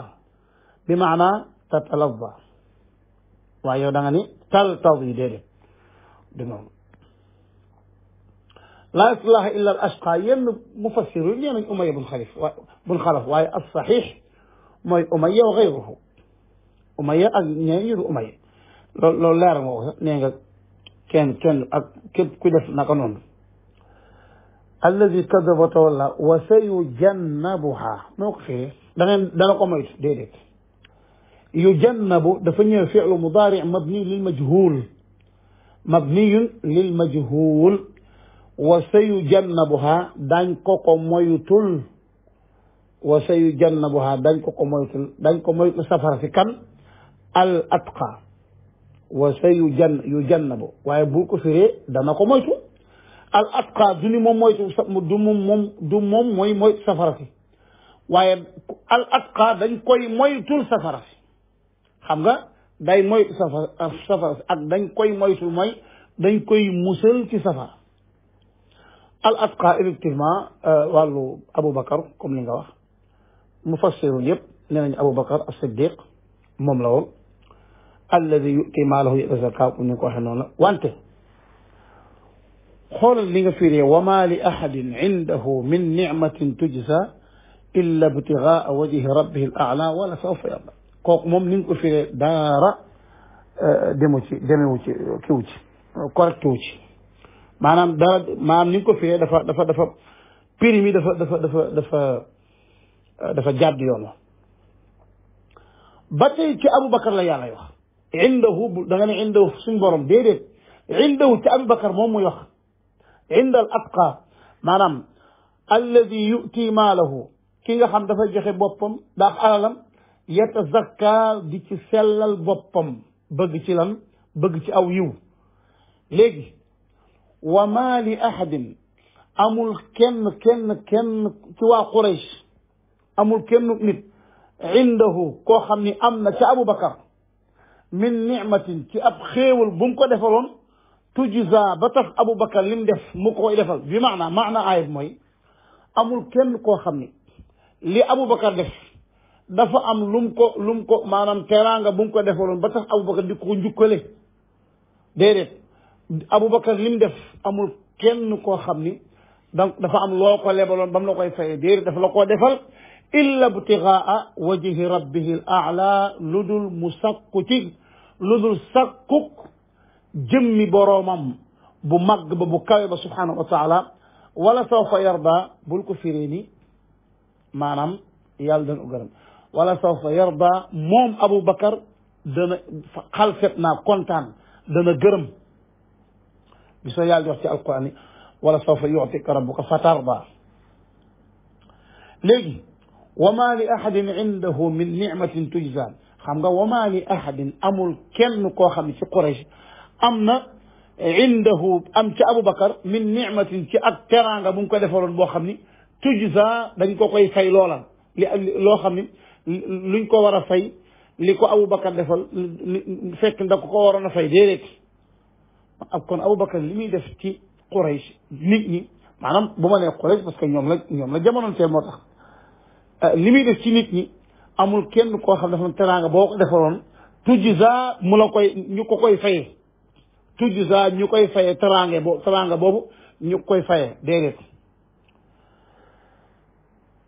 bi maana tatalabba waaye yow da nga ni taltadi déedéet du noonu laa islaaha illa al ashqa yenn mufassiru nee nañ Umayya bun Xalaf bun Xalaf waaye as saxiix mooy Umayya wa xayruhu Umayya ak ñeneen ñu du Umayya loolu loolu leer nga nee nga kenn kenn ak képp ku def naka noonu الذي كذب وتولى وسيجنبها دا دانا قميت ديديت يجنب دفني فعل مضارع مبني للمجهول مبني للمجهول وسيجنبها دانكو مويتول وسيجنبها دانكو قميتل دانكو قميتل سفر في كم الأتقى وسيجنب يجنب ويبوك فري دانا قميتل al atqa du ni moom moytu du moom moom du moom mooy moytu safara si waaye al atqa dañ koy moytul safara si xam nga day moytu safara safara si ak dañ koy moytul mooy dañ koy musal ci safara al atqa effectivement wàllu aboubacar comme li nga wax mufassirun yëpp nee nañ aboubacar as siddiq moom la woon alladi yuti maalahu yatazakka ni ko waxee noonu la wante خول ليغا فيري وما لاحد عنده من نعمه تجزى الا ابتغاء وجه ربه الاعلى ولا سوف يرضى كوك موم نينغ في دار آه، ديموتي ديموتي كيوتي كوركتوتي مانام دار ما نينغ في دفا دفا دفا بريمي دفا دفا دفا دفا آه، دافا جاد يونو باتي تي ابو بكر ليالا يوخ عنده داغني عنده سن بروم ديديت عنده تي ابو بكر موم يوخ عند الأتقى مانام الذي يؤتي ماله كي خام دا فا جخي بوبام دا خالام يتزكى دي سي سلال بوبام بغي سي بغي سي او يو لغي وما لاحد امول كين كين كين توا قريش امول كين نيت عنده كو خامني امنا سي ابو بكر من نعمه تي اب خيول بوم كو tujza ba tax Aboubacar lim def mu koy defal bi maana maana ayib mooy amul kenn koo xam ni li Aboubacar def dafa am lum ko lum ko maanaam teraanga bu mu ko defaloon ba tax Aboubacar di ko njukkale déedéet Aboubacar lim def amul kenn koo xam donc dafa am loo ko lebaloon la koy fayee déedéet dafa la koo defal illa btigaa wajhi rabbihil al aala lu dul mu sakkuk jëmmi boroomam bu màgg ba bu kawe ba subhanahu wa taala wala sawfa yarda bul ko firee ni maanaam yàlla dana ugaram wala sawfa yarda moom Abu Bakar dana xalfet naa kontaan dana gërëm bi soo yàlla jox ci alquran yi wala sawfa yutika rabbuka fatarda léegi wama li ahadin indahu min nicmatin tujzaan xam nga wama li ahadin amul kenn koo xam ne ci Quraysh am na indahu am ca Aboubacar min nicmatin ci ak teraanga bu ko defaloon boo xam ni tujza dañ ko koy fay loola li loo xam ni luñ ko war a fay li ko Aboubacar defal fekk nda ko waroon a fay déedéet ak kon Aboubacar li muy def ci Quraysh nit ñi maanaam bu ma nee Quraysh parce que ñoom la ñoom la jamonoon tee moo tax euh, li muy def ci nit amul kenn koo xam teraanga boo ko defaloon tujza mu la koy ñu ko koy fayee tujza ñu koy faye teraanga bo teraanga boobu ñu koy faye déedéet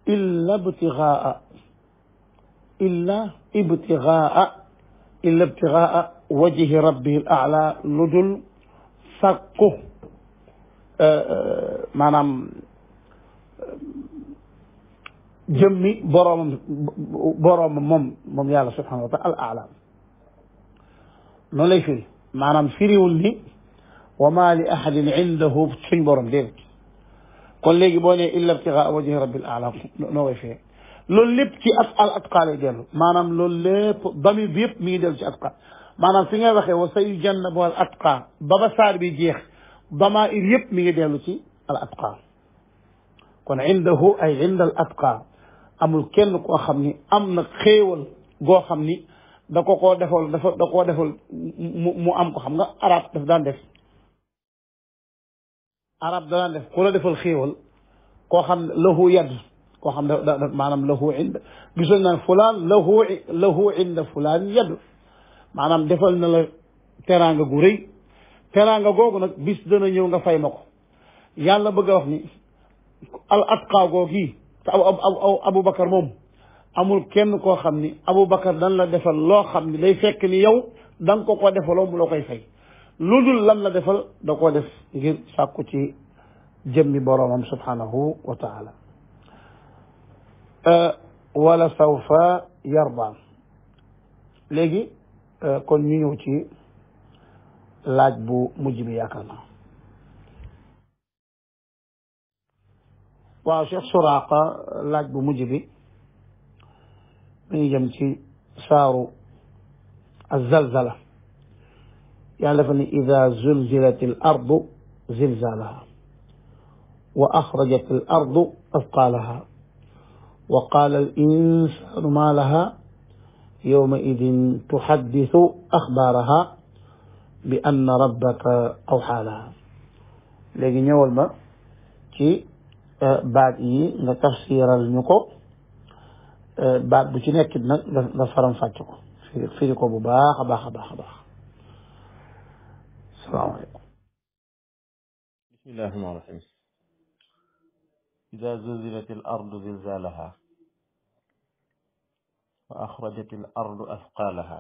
illa ibtigaa illa ibtigaa illa ibtigaa wajhi rabbihi al-a'la lu dul sàkku euh, euh, maanaam euh, jëmmi boroomam boroomam moom moom yàlla subhanahu wa taala al-a'la noonu lay firi maanaam firiwul ni wa ma li ahadin indahu suñ borom déedéet kon léegi boo nee illa ibtigaa wajhi rabbil aala noo koy fee loolu lépp ci at al atqaa lay dellu maanaam loolu lépp damir bi yëpp mi ngi dellu ci atqaa maanaam fi ngay waxee wa sayujannabu al atqaa ba ba saar bi jeex damair yëpp mi ngi dellu ci al atqaa kon indahu ay inda al atqaa amul kenn koo xam ni am na xéewal goo xam ni da ko koo defal dafa da koo defal mu am ko xam nga arab daf daan def arab da daan def ku la defal xéewal koo xam lahu yad koo xam da da maanaam lahu ind gisoon naa fulaan lahu lahu inda fulaan yad maanaam defal na la teraanga gu rëy teraanga googu nag bis dana ñëw nga fay ma ko yàlla bëgg a wax ni al atqa googi te abu abu bakar moom amul kenn koo xam ni abu Aboubacar dan la defal loo xam ni day fekk ni yow da ko ko defaloo mu la koy fay lu dul lan la defal da koo def ngir sàkku ci jëmmi boroomam subhanahu wa taala euh, wala sawfa yarda léegi euh, kon ñu ñëw ci laaj bu mujj bi yaakaar naa waaw Cheikh laaj bu mujj bi نيجمتي صاروا الزلزلة يعرفني إذا زلزلت الأرض زلزالها وأخرجت الأرض أثقالها وقال الإنسان ما لها يومئذ تحدث أخبارها بأن ربك أوحى لها لكن يوم ما ci baat yi baat bu ci nekk nag nga faram fàcc ko firi ko bu baax a baax a baax a baax salaamaaleykum bismillahi rahmaani rahim ida zulzilat al ardu zilzalaha wa axrajat al ardu asqalaha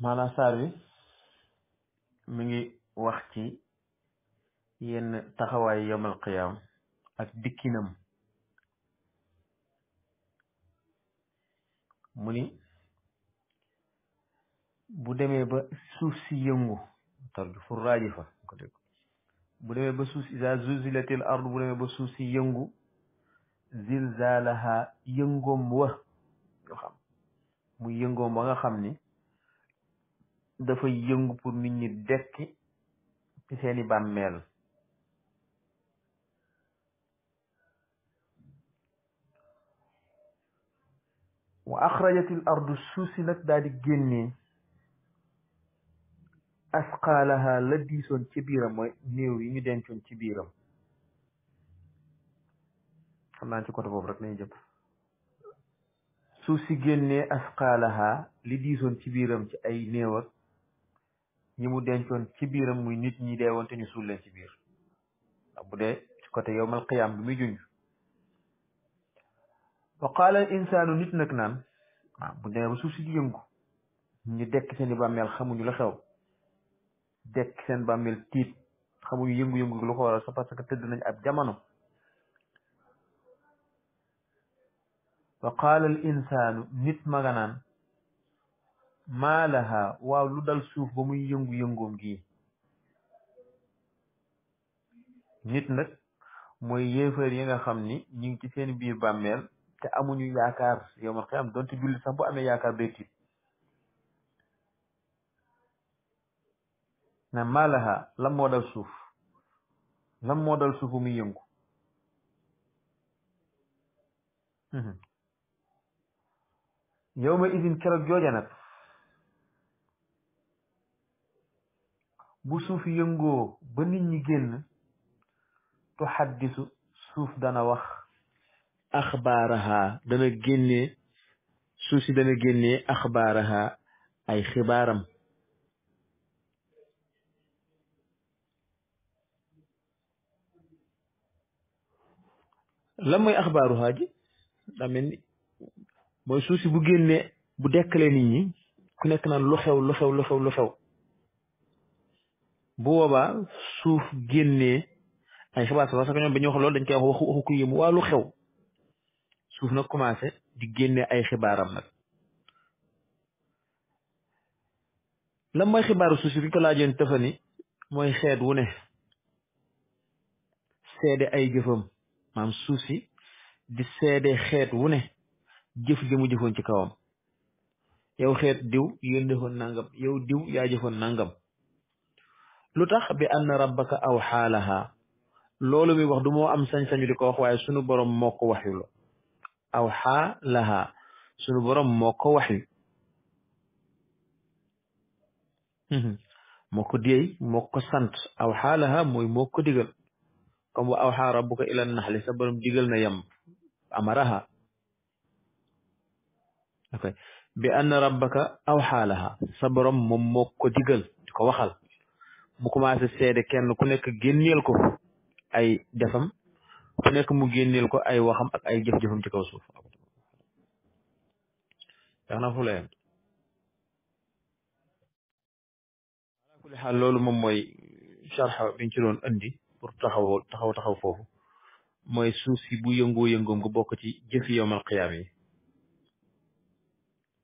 maanaam saar wi mi ngi wax ci yenn taxawaay yowm al qiyaam ak dikkinam mu ni bu demee ba suuf si yëngu tarju fu raaji fa ko dégg bu demee ba suuf si isa zulzilatil ard bu demee ba suuf si yëngu zilzalaha yëngoom wa yoo xam muy yëngoom ba nga xam ni dafa yëngu pour nit ñi dekki ci seeni bàmmeel wa axrajatil ardu suuf si nag daal di génnee asqaalaha la diisoon ci biiram mooy néew yi ñu dencoon ci biiram xam naa ci côté boobu rek lañu jëm suuf si génnee asqaalaha li diisoon ci biiram ci ay néew ak ñi mu dencoon ci biiram muy nit ñi deewoon te ñu suul leen ci biir bu dee ci côté yowmal qiyaam bi muy junj wa qaala al insaanu nit nag naan waaw bu demee ba suuf si di yëngu ñu dekk seen bàmmeel xamuñu la xew dekk seen bàmmeel tiit xamuñu yëngu-yëngu lu ko waral sa parce que tëdd nañ ab jamono wa qaala al insaanu nit ma nga naan maa laha waaw lu dal suuf ba muy yëngu-yëngoom gi nit nag mooy yéefar yi nga xam ni ñu ngi ci seen biir bàmmeel te amuñu yaakaar yow man xëy am jullit sax bu amee yaakaar day tiit na malaha lan moo dal suuf lan moo dal suufu yëngu mhm. yow ma isin keroog jooja nag bu suuf yëngoo ba nit ñi génn tu xaddisu suuf dana wax axbaaraha dana génnee suuf si dana génnee axbaaraha ay xibaaram lan mooy axbaaruha ji mooy suuf si bu génnee bu dekkalee nit ñi ku nekk naan lu xew lu xew lu xew lu bu boobaa suuf génnee ay xibaar sax parce que ñoom bi ñuy wax dañ koy wax waxu waxu ku yëmu waa lu xew suuf na commencé di génne ay xibaaram nag lan mooy xibaaru suuf si bi ñu ko laajoon tëfani mooy xeet wu ne seede ay jëfam maam suuf si di seede xeet wu ne jëf jëmu jëfoon ci kawam yow xeet diw yéen defoon nangam yow diw yaa jëfoon nangam lu tax bi anna rabbaka aw xaalaha loolu mi wax du moo am sañ-sañu di ko wax waaye sunu borom moo ko waxyu la awxaa lahaa sunu borom moo ko waxyu mhm. moo ko diyey moo sant awxaa lahaa mooy moo ko digal comme wa awxaa rabbuka ila naxli sa borom digal na yam amaraha ok bi anna rabbaka awxaa lahaa sa borom moom moo ko digal ko waxal mu commencé seede kenn ku nekk génneel ko ay defam ku nekk mu génneel ko ay waxam ak ay jëf-jëfam ci kaw suuf yax naa fu la yem kulli xaal loolu moom mooy charxa biñ ci doon andi pour taxaw taxaw taxaw foofu mooy suuf si bu yëngoo yëngoom nga bokk ci jëfi yowmal qiyaam yi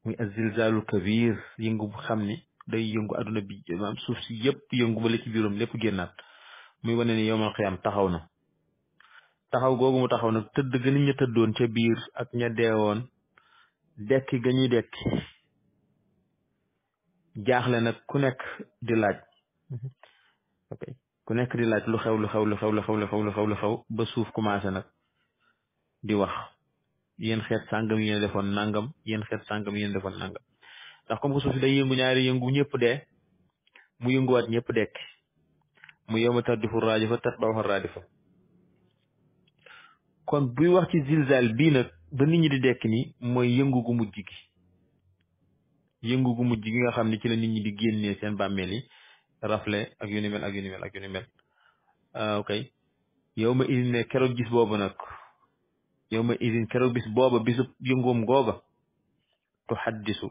muy azilzalul kabir yëngu bu xam ne day yëngu adduna bi maanaam suuf si yëpp yëngu ba la ci biiram lépp génnaat muy wane ne yowmal qiyaam taxaw na taxaw googu mu taxaw nag tëdd ga nit ña tëddoon ca biir ak ña deewoon dekki ga ñi dekki jaaxle nag ku nekk di laaj mhm. ku nekk di laaj lu xew lu xew lu xew lu xew lu xew lu xew lu xew ba suuf commencé nag di wax yéen xeet sàngam yéen defoon nangam yéen xeet sàngam yen defoon nangam ndax comme que suuf si day yëngu ñaari yëngu ñëpp dee mu yënguwaat ñëpp dekki mu yoma taddifu raajifa tatbawaxa raadifa kon buy wax ci zilzal bii nag ba nit ñi di dekk ni mooy yëngu gu mujj gi yëngu gu mujj gi nga xam ne ci la nit ñi di génnee seen bàmmeel yi rafle ak yu ni mel ak yu ni mel ak yu ni mel ok yow ma izin ne keroog gis boobu nag yow ma izin keroog bis booba bisu yëngoom googa tuxaddisu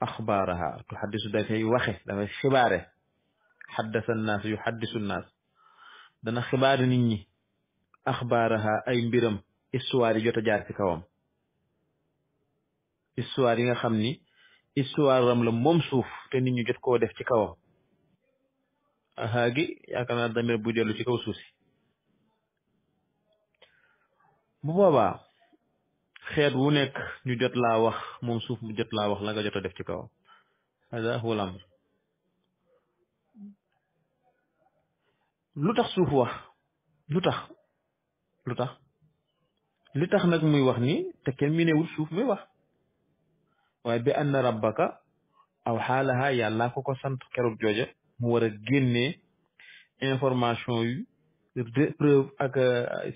axbaaraha tuxaddisu dafay waxe dafay xibaare xaddasa naas yu xaddisu naas dana xibaare nit ñi axbaaraha ay mbiram histoire yi jot a jaar ci kawam histoire yi nga xam ni histoire am la moom suuf te ni ñu jot koo def ci kawam aha gi yaakaar naa damir bu dellu suuf bu boobaa xeet wu nekk jot laa wax moom suuf mu jot laa wax la nga def ci kawam hada huwa al-amr lu tax suuf wax lu tax lu tax li tax nag muy wax ni te kenn mi newul suuf muy wax waaye bi anna rabbaka aw xaalaha yàllaa ko ko sant keroog jooja mu war a génnee information yu preuve ak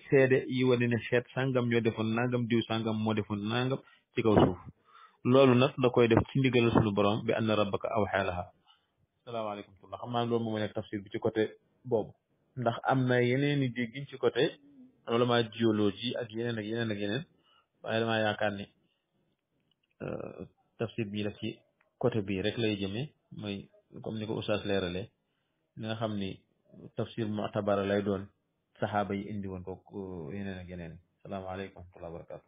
seede yi wane ne seet sàngam ñoo defoon nangam diw sàngam moo defoon nangam ci kaw suuf loolu nag da koy def ci ndigal suñu borom bi anna rabbaka aw xaalaha salaamaaleykum tula xam naa loolu moom nekk tafsir bi ci côté boobu ndax am na yeneeni déggiñ ci côté problème géologie ak yeneen ak yeneen ak yeneen waaye damaa ne euh, tafsir bii daf bii rek lay jëmee mooy comme ni ko oustaz leerale li xam ni tafsir mu'tabara lay doon saxaaba yi indi woon ko euh, yeneen ak yeneen salaamaaleykum wa rahmatulah wa barakaatu.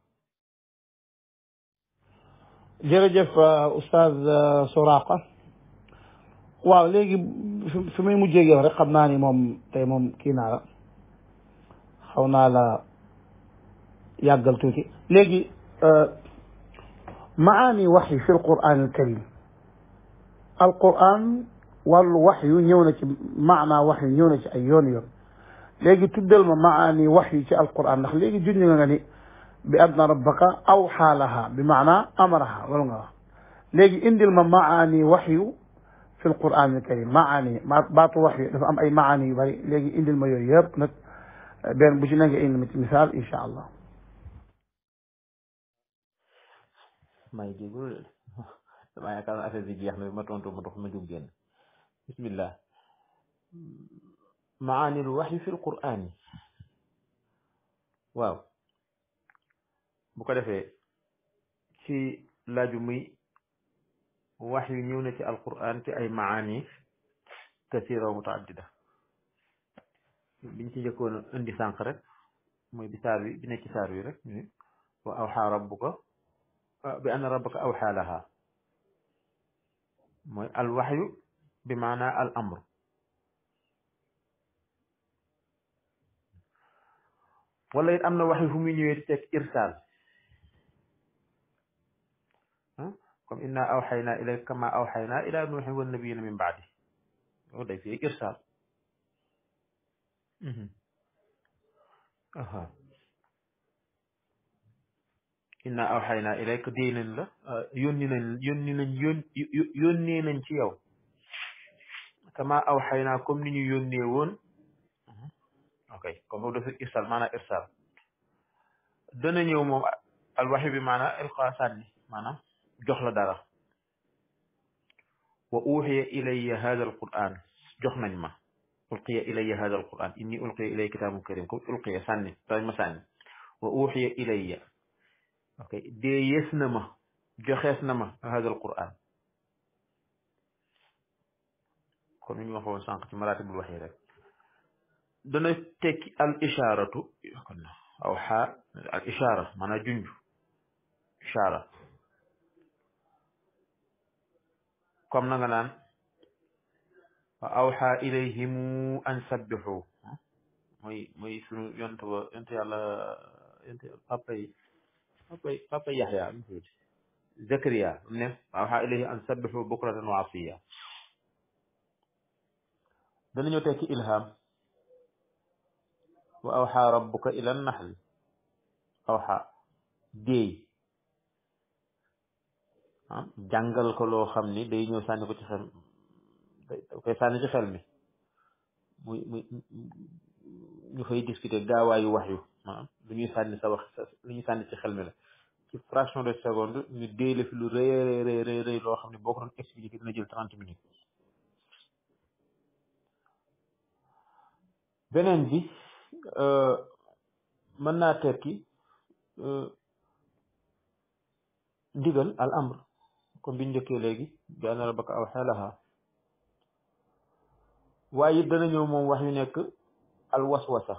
jërëjëf euh, oustaz Soraqa waaw léegi fi may mujjee yow rek xam naa ni moom tey moom xawna la yàggal tuuti léegi maani waxyi fi alquran alkarim alquran wàllu waxyu ñëw na ci maanaa waxyu ñëw na ci ay yoon yoon léegi tuddal ma maani waxyu ci alquran ndax léegi junj nga nga ni bi adna rabbaka aw laha bi maana amaraha wala nga wax léegi indil ma maani waxyu في القرآن الكريم معاني باطو وحي دفع أي معاني بري لقي إندل ما يريب نك بين بجنجة إن مثال إن شاء الله ما يقول ما يكاد أسد زيجي أحمد ما تونتو مدوخ مجوبين بسم الله معاني الوحي في القرآن واو بكرة في لا جمي وحي نيونة القرآن في أي معاني كثيرة ومتعددة biñ ci njëkkoon indi sànq rek mooy bi saar bi nekk ci saar wi rek ñu wa awxaa rabbuka bi anna rabbuka awxaa laha mooy al waxyu bi maanaa al amr wala it am na waxyu fu muy ñëwee di teg irsaal comme inna awxaynaa ilayka kama awxaynaa ila nuuxin wa nabiyina min baadi loolu day fii irsaal Mhm. أها إنا أوحينا إليك دينين la yónni nañ yónni nañ yón yónnee nañ ci yow kama awxaynaa comme ni ñu yónnee woon Mhm. ok kon boobu dafa irsal maanaam irsal dana ñëw moom alwaxi bi maanaam ilqa sànni maanaam jox la dara wa uxiya ilaya hada alquran jox nañ ma ألقي إلي هذا القرآن إني ألقي إلي كتاب كريم كم ألقي سنة تاني مثلا وأوحي إلي أوكي دي يسنما جخسنما هذا القرآن كم يوم فهو سانك مراتب الوحي لك دون تك الإشارة أو حا الإشارة معنا جنج إشارة كم نغلان wa awxa ilayhimu an sabbixu mooy mooy sunu yonte ba yonte yàlla yonte papa yi papa yi papa yaxya zakariya ne awxa ilayhi an sabbixu bukratan wa asiya danañoo tekki ilham wa awxa rabbuka ila naxli awxa déey ah, jàngal ko loo xam ni day ñëw sànni ko ci xam Sane ci xel mi muy muy ñu fay discuter gaawaayu wax yu maanaam lu ñuy sànni sa wax lu ñuy sànni ci xel mi la ci fraction de seconde ñu dee la fi lu rëy rëy rëy rëy loo xam ne boo ko doon expliquer dina jël trente minutes beneen bi mën naa tekki ndigal al amr comme biñ njëkkee léegi bi anna rabbaka aw xeelaha waye dana ñëw mom wax yu nek al waswasa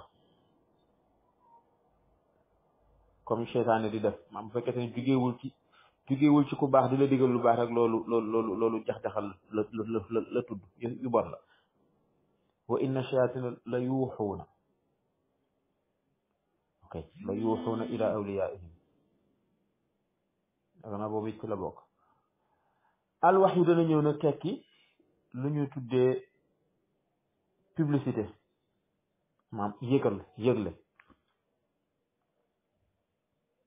comme seytaane di def maam bu fekkee ne jugeewul ci jugeewul ci ku baax dila la digal lu baax rek lolu lolu lolu jax taxal la la la tudd yu bon la wa inna shayatin la yuhuna ok la yuhuna ila awliyaihim daga naa boobu ci la bok al wahyu dana ñëw na tekki lu ñu tuddee publicité maam yëgal yëgle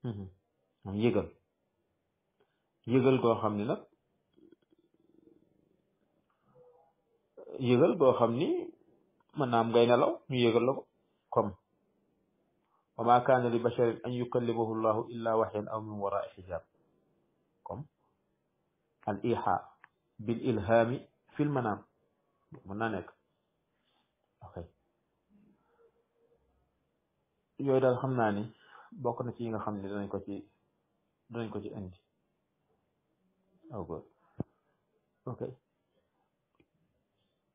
mhm. maam yëgal goo xam ni nag yëgal goo ni mën naa am ngay nelaw ñu yëgal kaana li basharin an yukallimahu llahu waxyan aw min warai xijab comme al iha bil ilhami fil manam mën naa nekk ok yooyu daal xam naa ni bokk na ci yi nga xam ne danañ ko ci danañ ko ci indi ok oh ok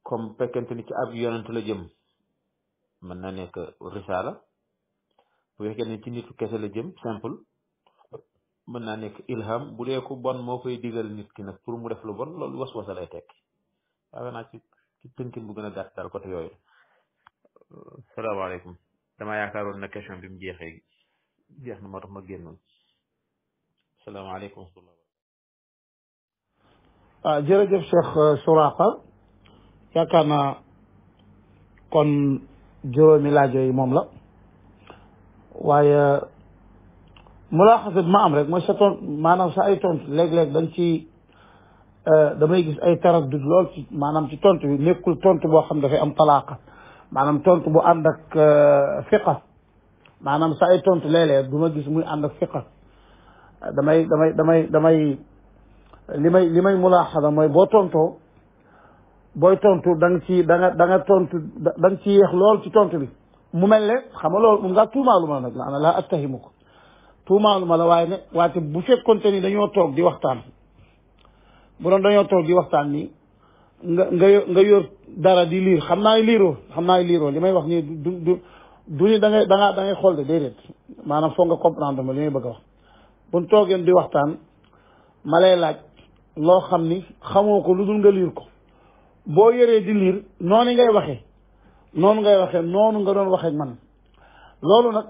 comme fekkente ni ci ab yonent la jëm mën na nekk risaala bu fekkee ne ci nitu kese la jëm simple mën naa nekk ilham bu dee ku bon moo koy digal nit ki nag pour mu def la bon loolu waswasa lay tekki waaye naa ci tënkin bu gën a gàtt daal côté yooyu السلام عليكم كما يعتبر انك شن بن بيخ بيخ نمر مجنن السلام عليكم ورحمه الله وبركاته آه، جرجف شيخ آه، سراقه يا كما آه، كون جرو ميلاجو يموم لا وايا ملاحظه ما امرك ما شطون ما نام ساي تونت ليك ليك دنجي damay gis ay taradud lool ci maanaam ci tont bi nekkul tont boo xam dafay am talaaqa maanaam tontu bu ànd ak euh, fiqa maanaam sa ay tontu léeg-léeg ma gis muy ànd ak fiqa damay damay damay damay li may li may mulaaxada mooy boo tontoo booy tontu da nga ci da nga da nga tontu da ci yéex lool ci tontu bi mu mel ne xam nga loolu nga tuumaalu ma nag la ana laa attahimu ko tuumaalu ma la waaye ne waate bu fekkonte ni dañoo toog di waxtaan bu doon dañoo toog di waxtaan nii nga nga nga yor dara di liir xam naa liiroo xam naa liiroo li may wax nii du du du ñu da ngay da ngay xool de déedéet maanaam foog nga comprendre ma li may bëgg a wax buñ toogeen di waxtaan ma lay laaj loo xam ni xamoo ko lu dul nga liir ko boo yoree di liir noonu ngay waxe noonu ngay waxee noonu nga doon waxee man loolu nag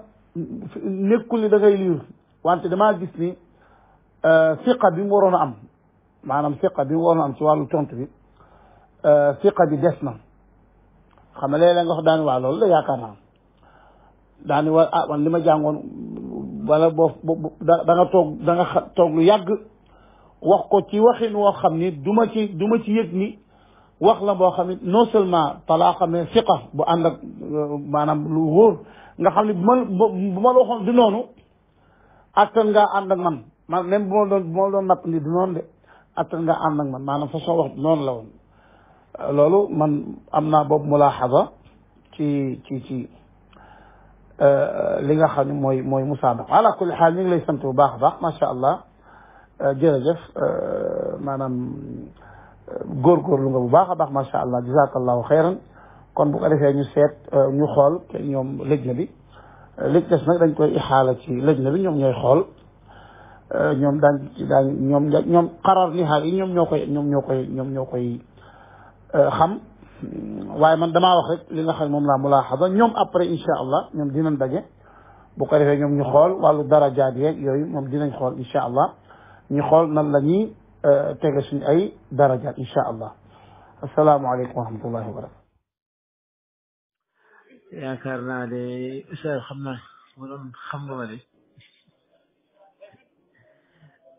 nekkul ni da ngay liir wante damaa gis ni euh, fiqa bi mu waroon a am maanaam fiqa bi mu waroon a am ci wàllu tontu bi fiqa bi des na xam nga léeg-léeg nga wax daani waa loolu la yaakaar naa daani wa ah, li ma jàngoon wala boo da nga toog da nga toog lu yàgg wax ko ci waxin woo xam ni du ma ci du ci yëg ni wax la boo xam ni non seulement talaaxa mais fiqa bu ànd ak euh, maanaam lu wóor nga xam ni bu ma bu ma la waxoon du noonu attan ngaa ànd ak man man même bu ma doon bu ma doon napp ni du man maanaam façon wax noonu la woon loolu man am naa boobu mulaaxada ci ci ci li nga xam ne mooy mooy musaabaqa ala kulli xaal ñu ngi lay sant bu baax a baax macha allah jërëjëf maanaam góorgóorlu nga bu baax a baax macha allah jazakallahu xayran kon bu ko defee ñu seet ñu xool te ñoom lëj na bi lëj des nag dañ koy ixaala ci lëj na bi ñoom ñooy xool ñoom daan daan ñoom ñoom xarar nihaal yi ñoom ñoo koy ñoom ñoo koy ñoom ñoo koy xam waaye man dama wax rek li nga xam ne moom laa mulaaxada ñoom après incha allah ñoom dinañ daje bu ko defee ñoom ñu xool wàllu darajaat yeeg yooyu moom dinañ xool incha allah ñu xool nan la ñuy tege suñ ay dara darajaat incha allah asalaamaaleykum wa rahmatullahi wa barakatu yaakaar naa de ustaz xam naa ma doon xam nga ma de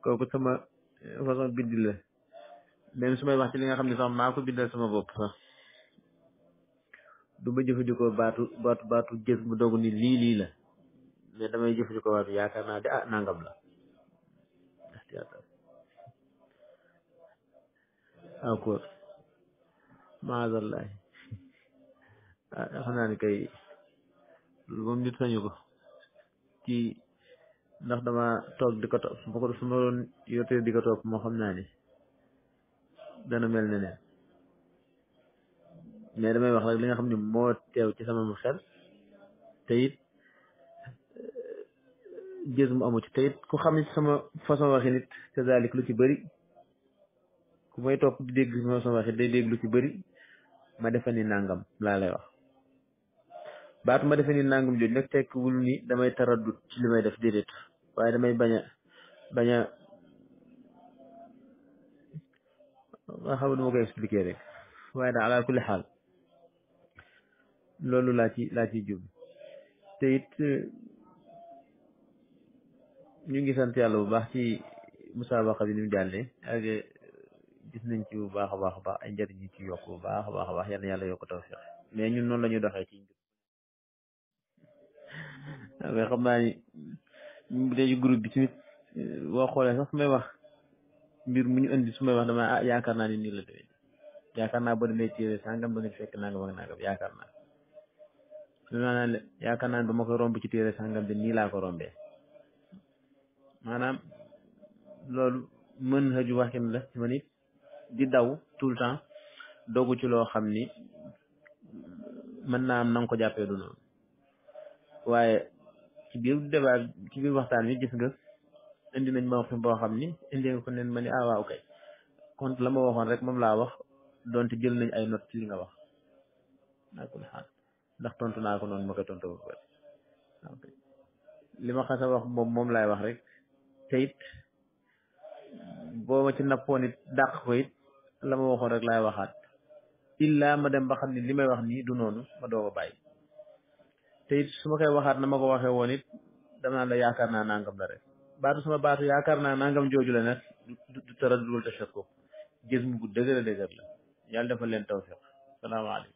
kooku sama façon bindi la même su may wax ci li nga xam ne sax maa ko bindal sama bopp du ba jëfandikoo baatu baatu baatu jëf mu dogu ni lii la mais damay jëfandikoo baatu yaakaar naa de ah nangam la encore maazallah ah xam naa ne kay loolu moom nit sañu ko ci ndax dama toog di ko topp su ma ko su ma doon yotee di ko topp xam naa ni dana mel ne neen mais damay wax rek li nga xam ne moo teew ci sama xel te it gis mu amu ci te it ku xam ne sama façon waxi nit te daalik lu ci bari ku may topp di dégg sama façon waxi day dégg lu ci bari ma defe ni nàngam laa lay wax baat ma defe ni nàngam jooju nag tekkiwul ni damay taraddut ci li may def déedéet waaye damay bañ a ma xamul ma koy expliquer rek waaye daal ala kulli xaal loolu laa ci laa ci jub te it ñu ngi sant yàlla bu baax ci musaabaqa bi ni mu jàllee ak gis nañ ci bu baax a baax a baax ay njëriñ yi ci yokk bu baax a baax a baax yal na yàlla yokk tawfiq mais ñun noonu la ñuy doxee ci mais xam naa ni bu dee groupe bi tamit boo xoolee mbir mu ñu indi su may wax dama ah yaakaar naa ni nii la demee yaakaar naa boo demee téere sàngam ba nga fekk nangam ak nangam yaakaar naa su yaakaar naa ne ba ma koy romb ci téere sàngam de nii laa ko rombee maanaam loolu mën hëju waxin la ci ma nit di daw tout le temps dogu ci loo xam ni mën naa am na nga ko jàppee du noonu waaye ci biir débat ci biir waxtaan wi gis nga indi nañ ma waxin boo xam ni indi nga ko neen ma ni ah waaw kay kon la ma waxoon rek moom laa wax donte jël nañ ay note ci li nga wax naa ko xaar ndax tontu naa ko noonu ma koy tontu ba li ma xasa wax moom moom laay wax rek te it boo ma ci nappoon it dàq ko it la ma waxoon rek laay waxaat illa ma dem ba xam ni li wax nii du noonu ma do ko bàyyi te it su ma na ma ko waxee woon it dama naan la yaakaar naa nangam la rek baatu sama baatu yaakaar naa nangam jooju la nag du tara dul tashakku gis mu bu dëgër dëgër la yàlla defal leen tawfiq salaamaaleykum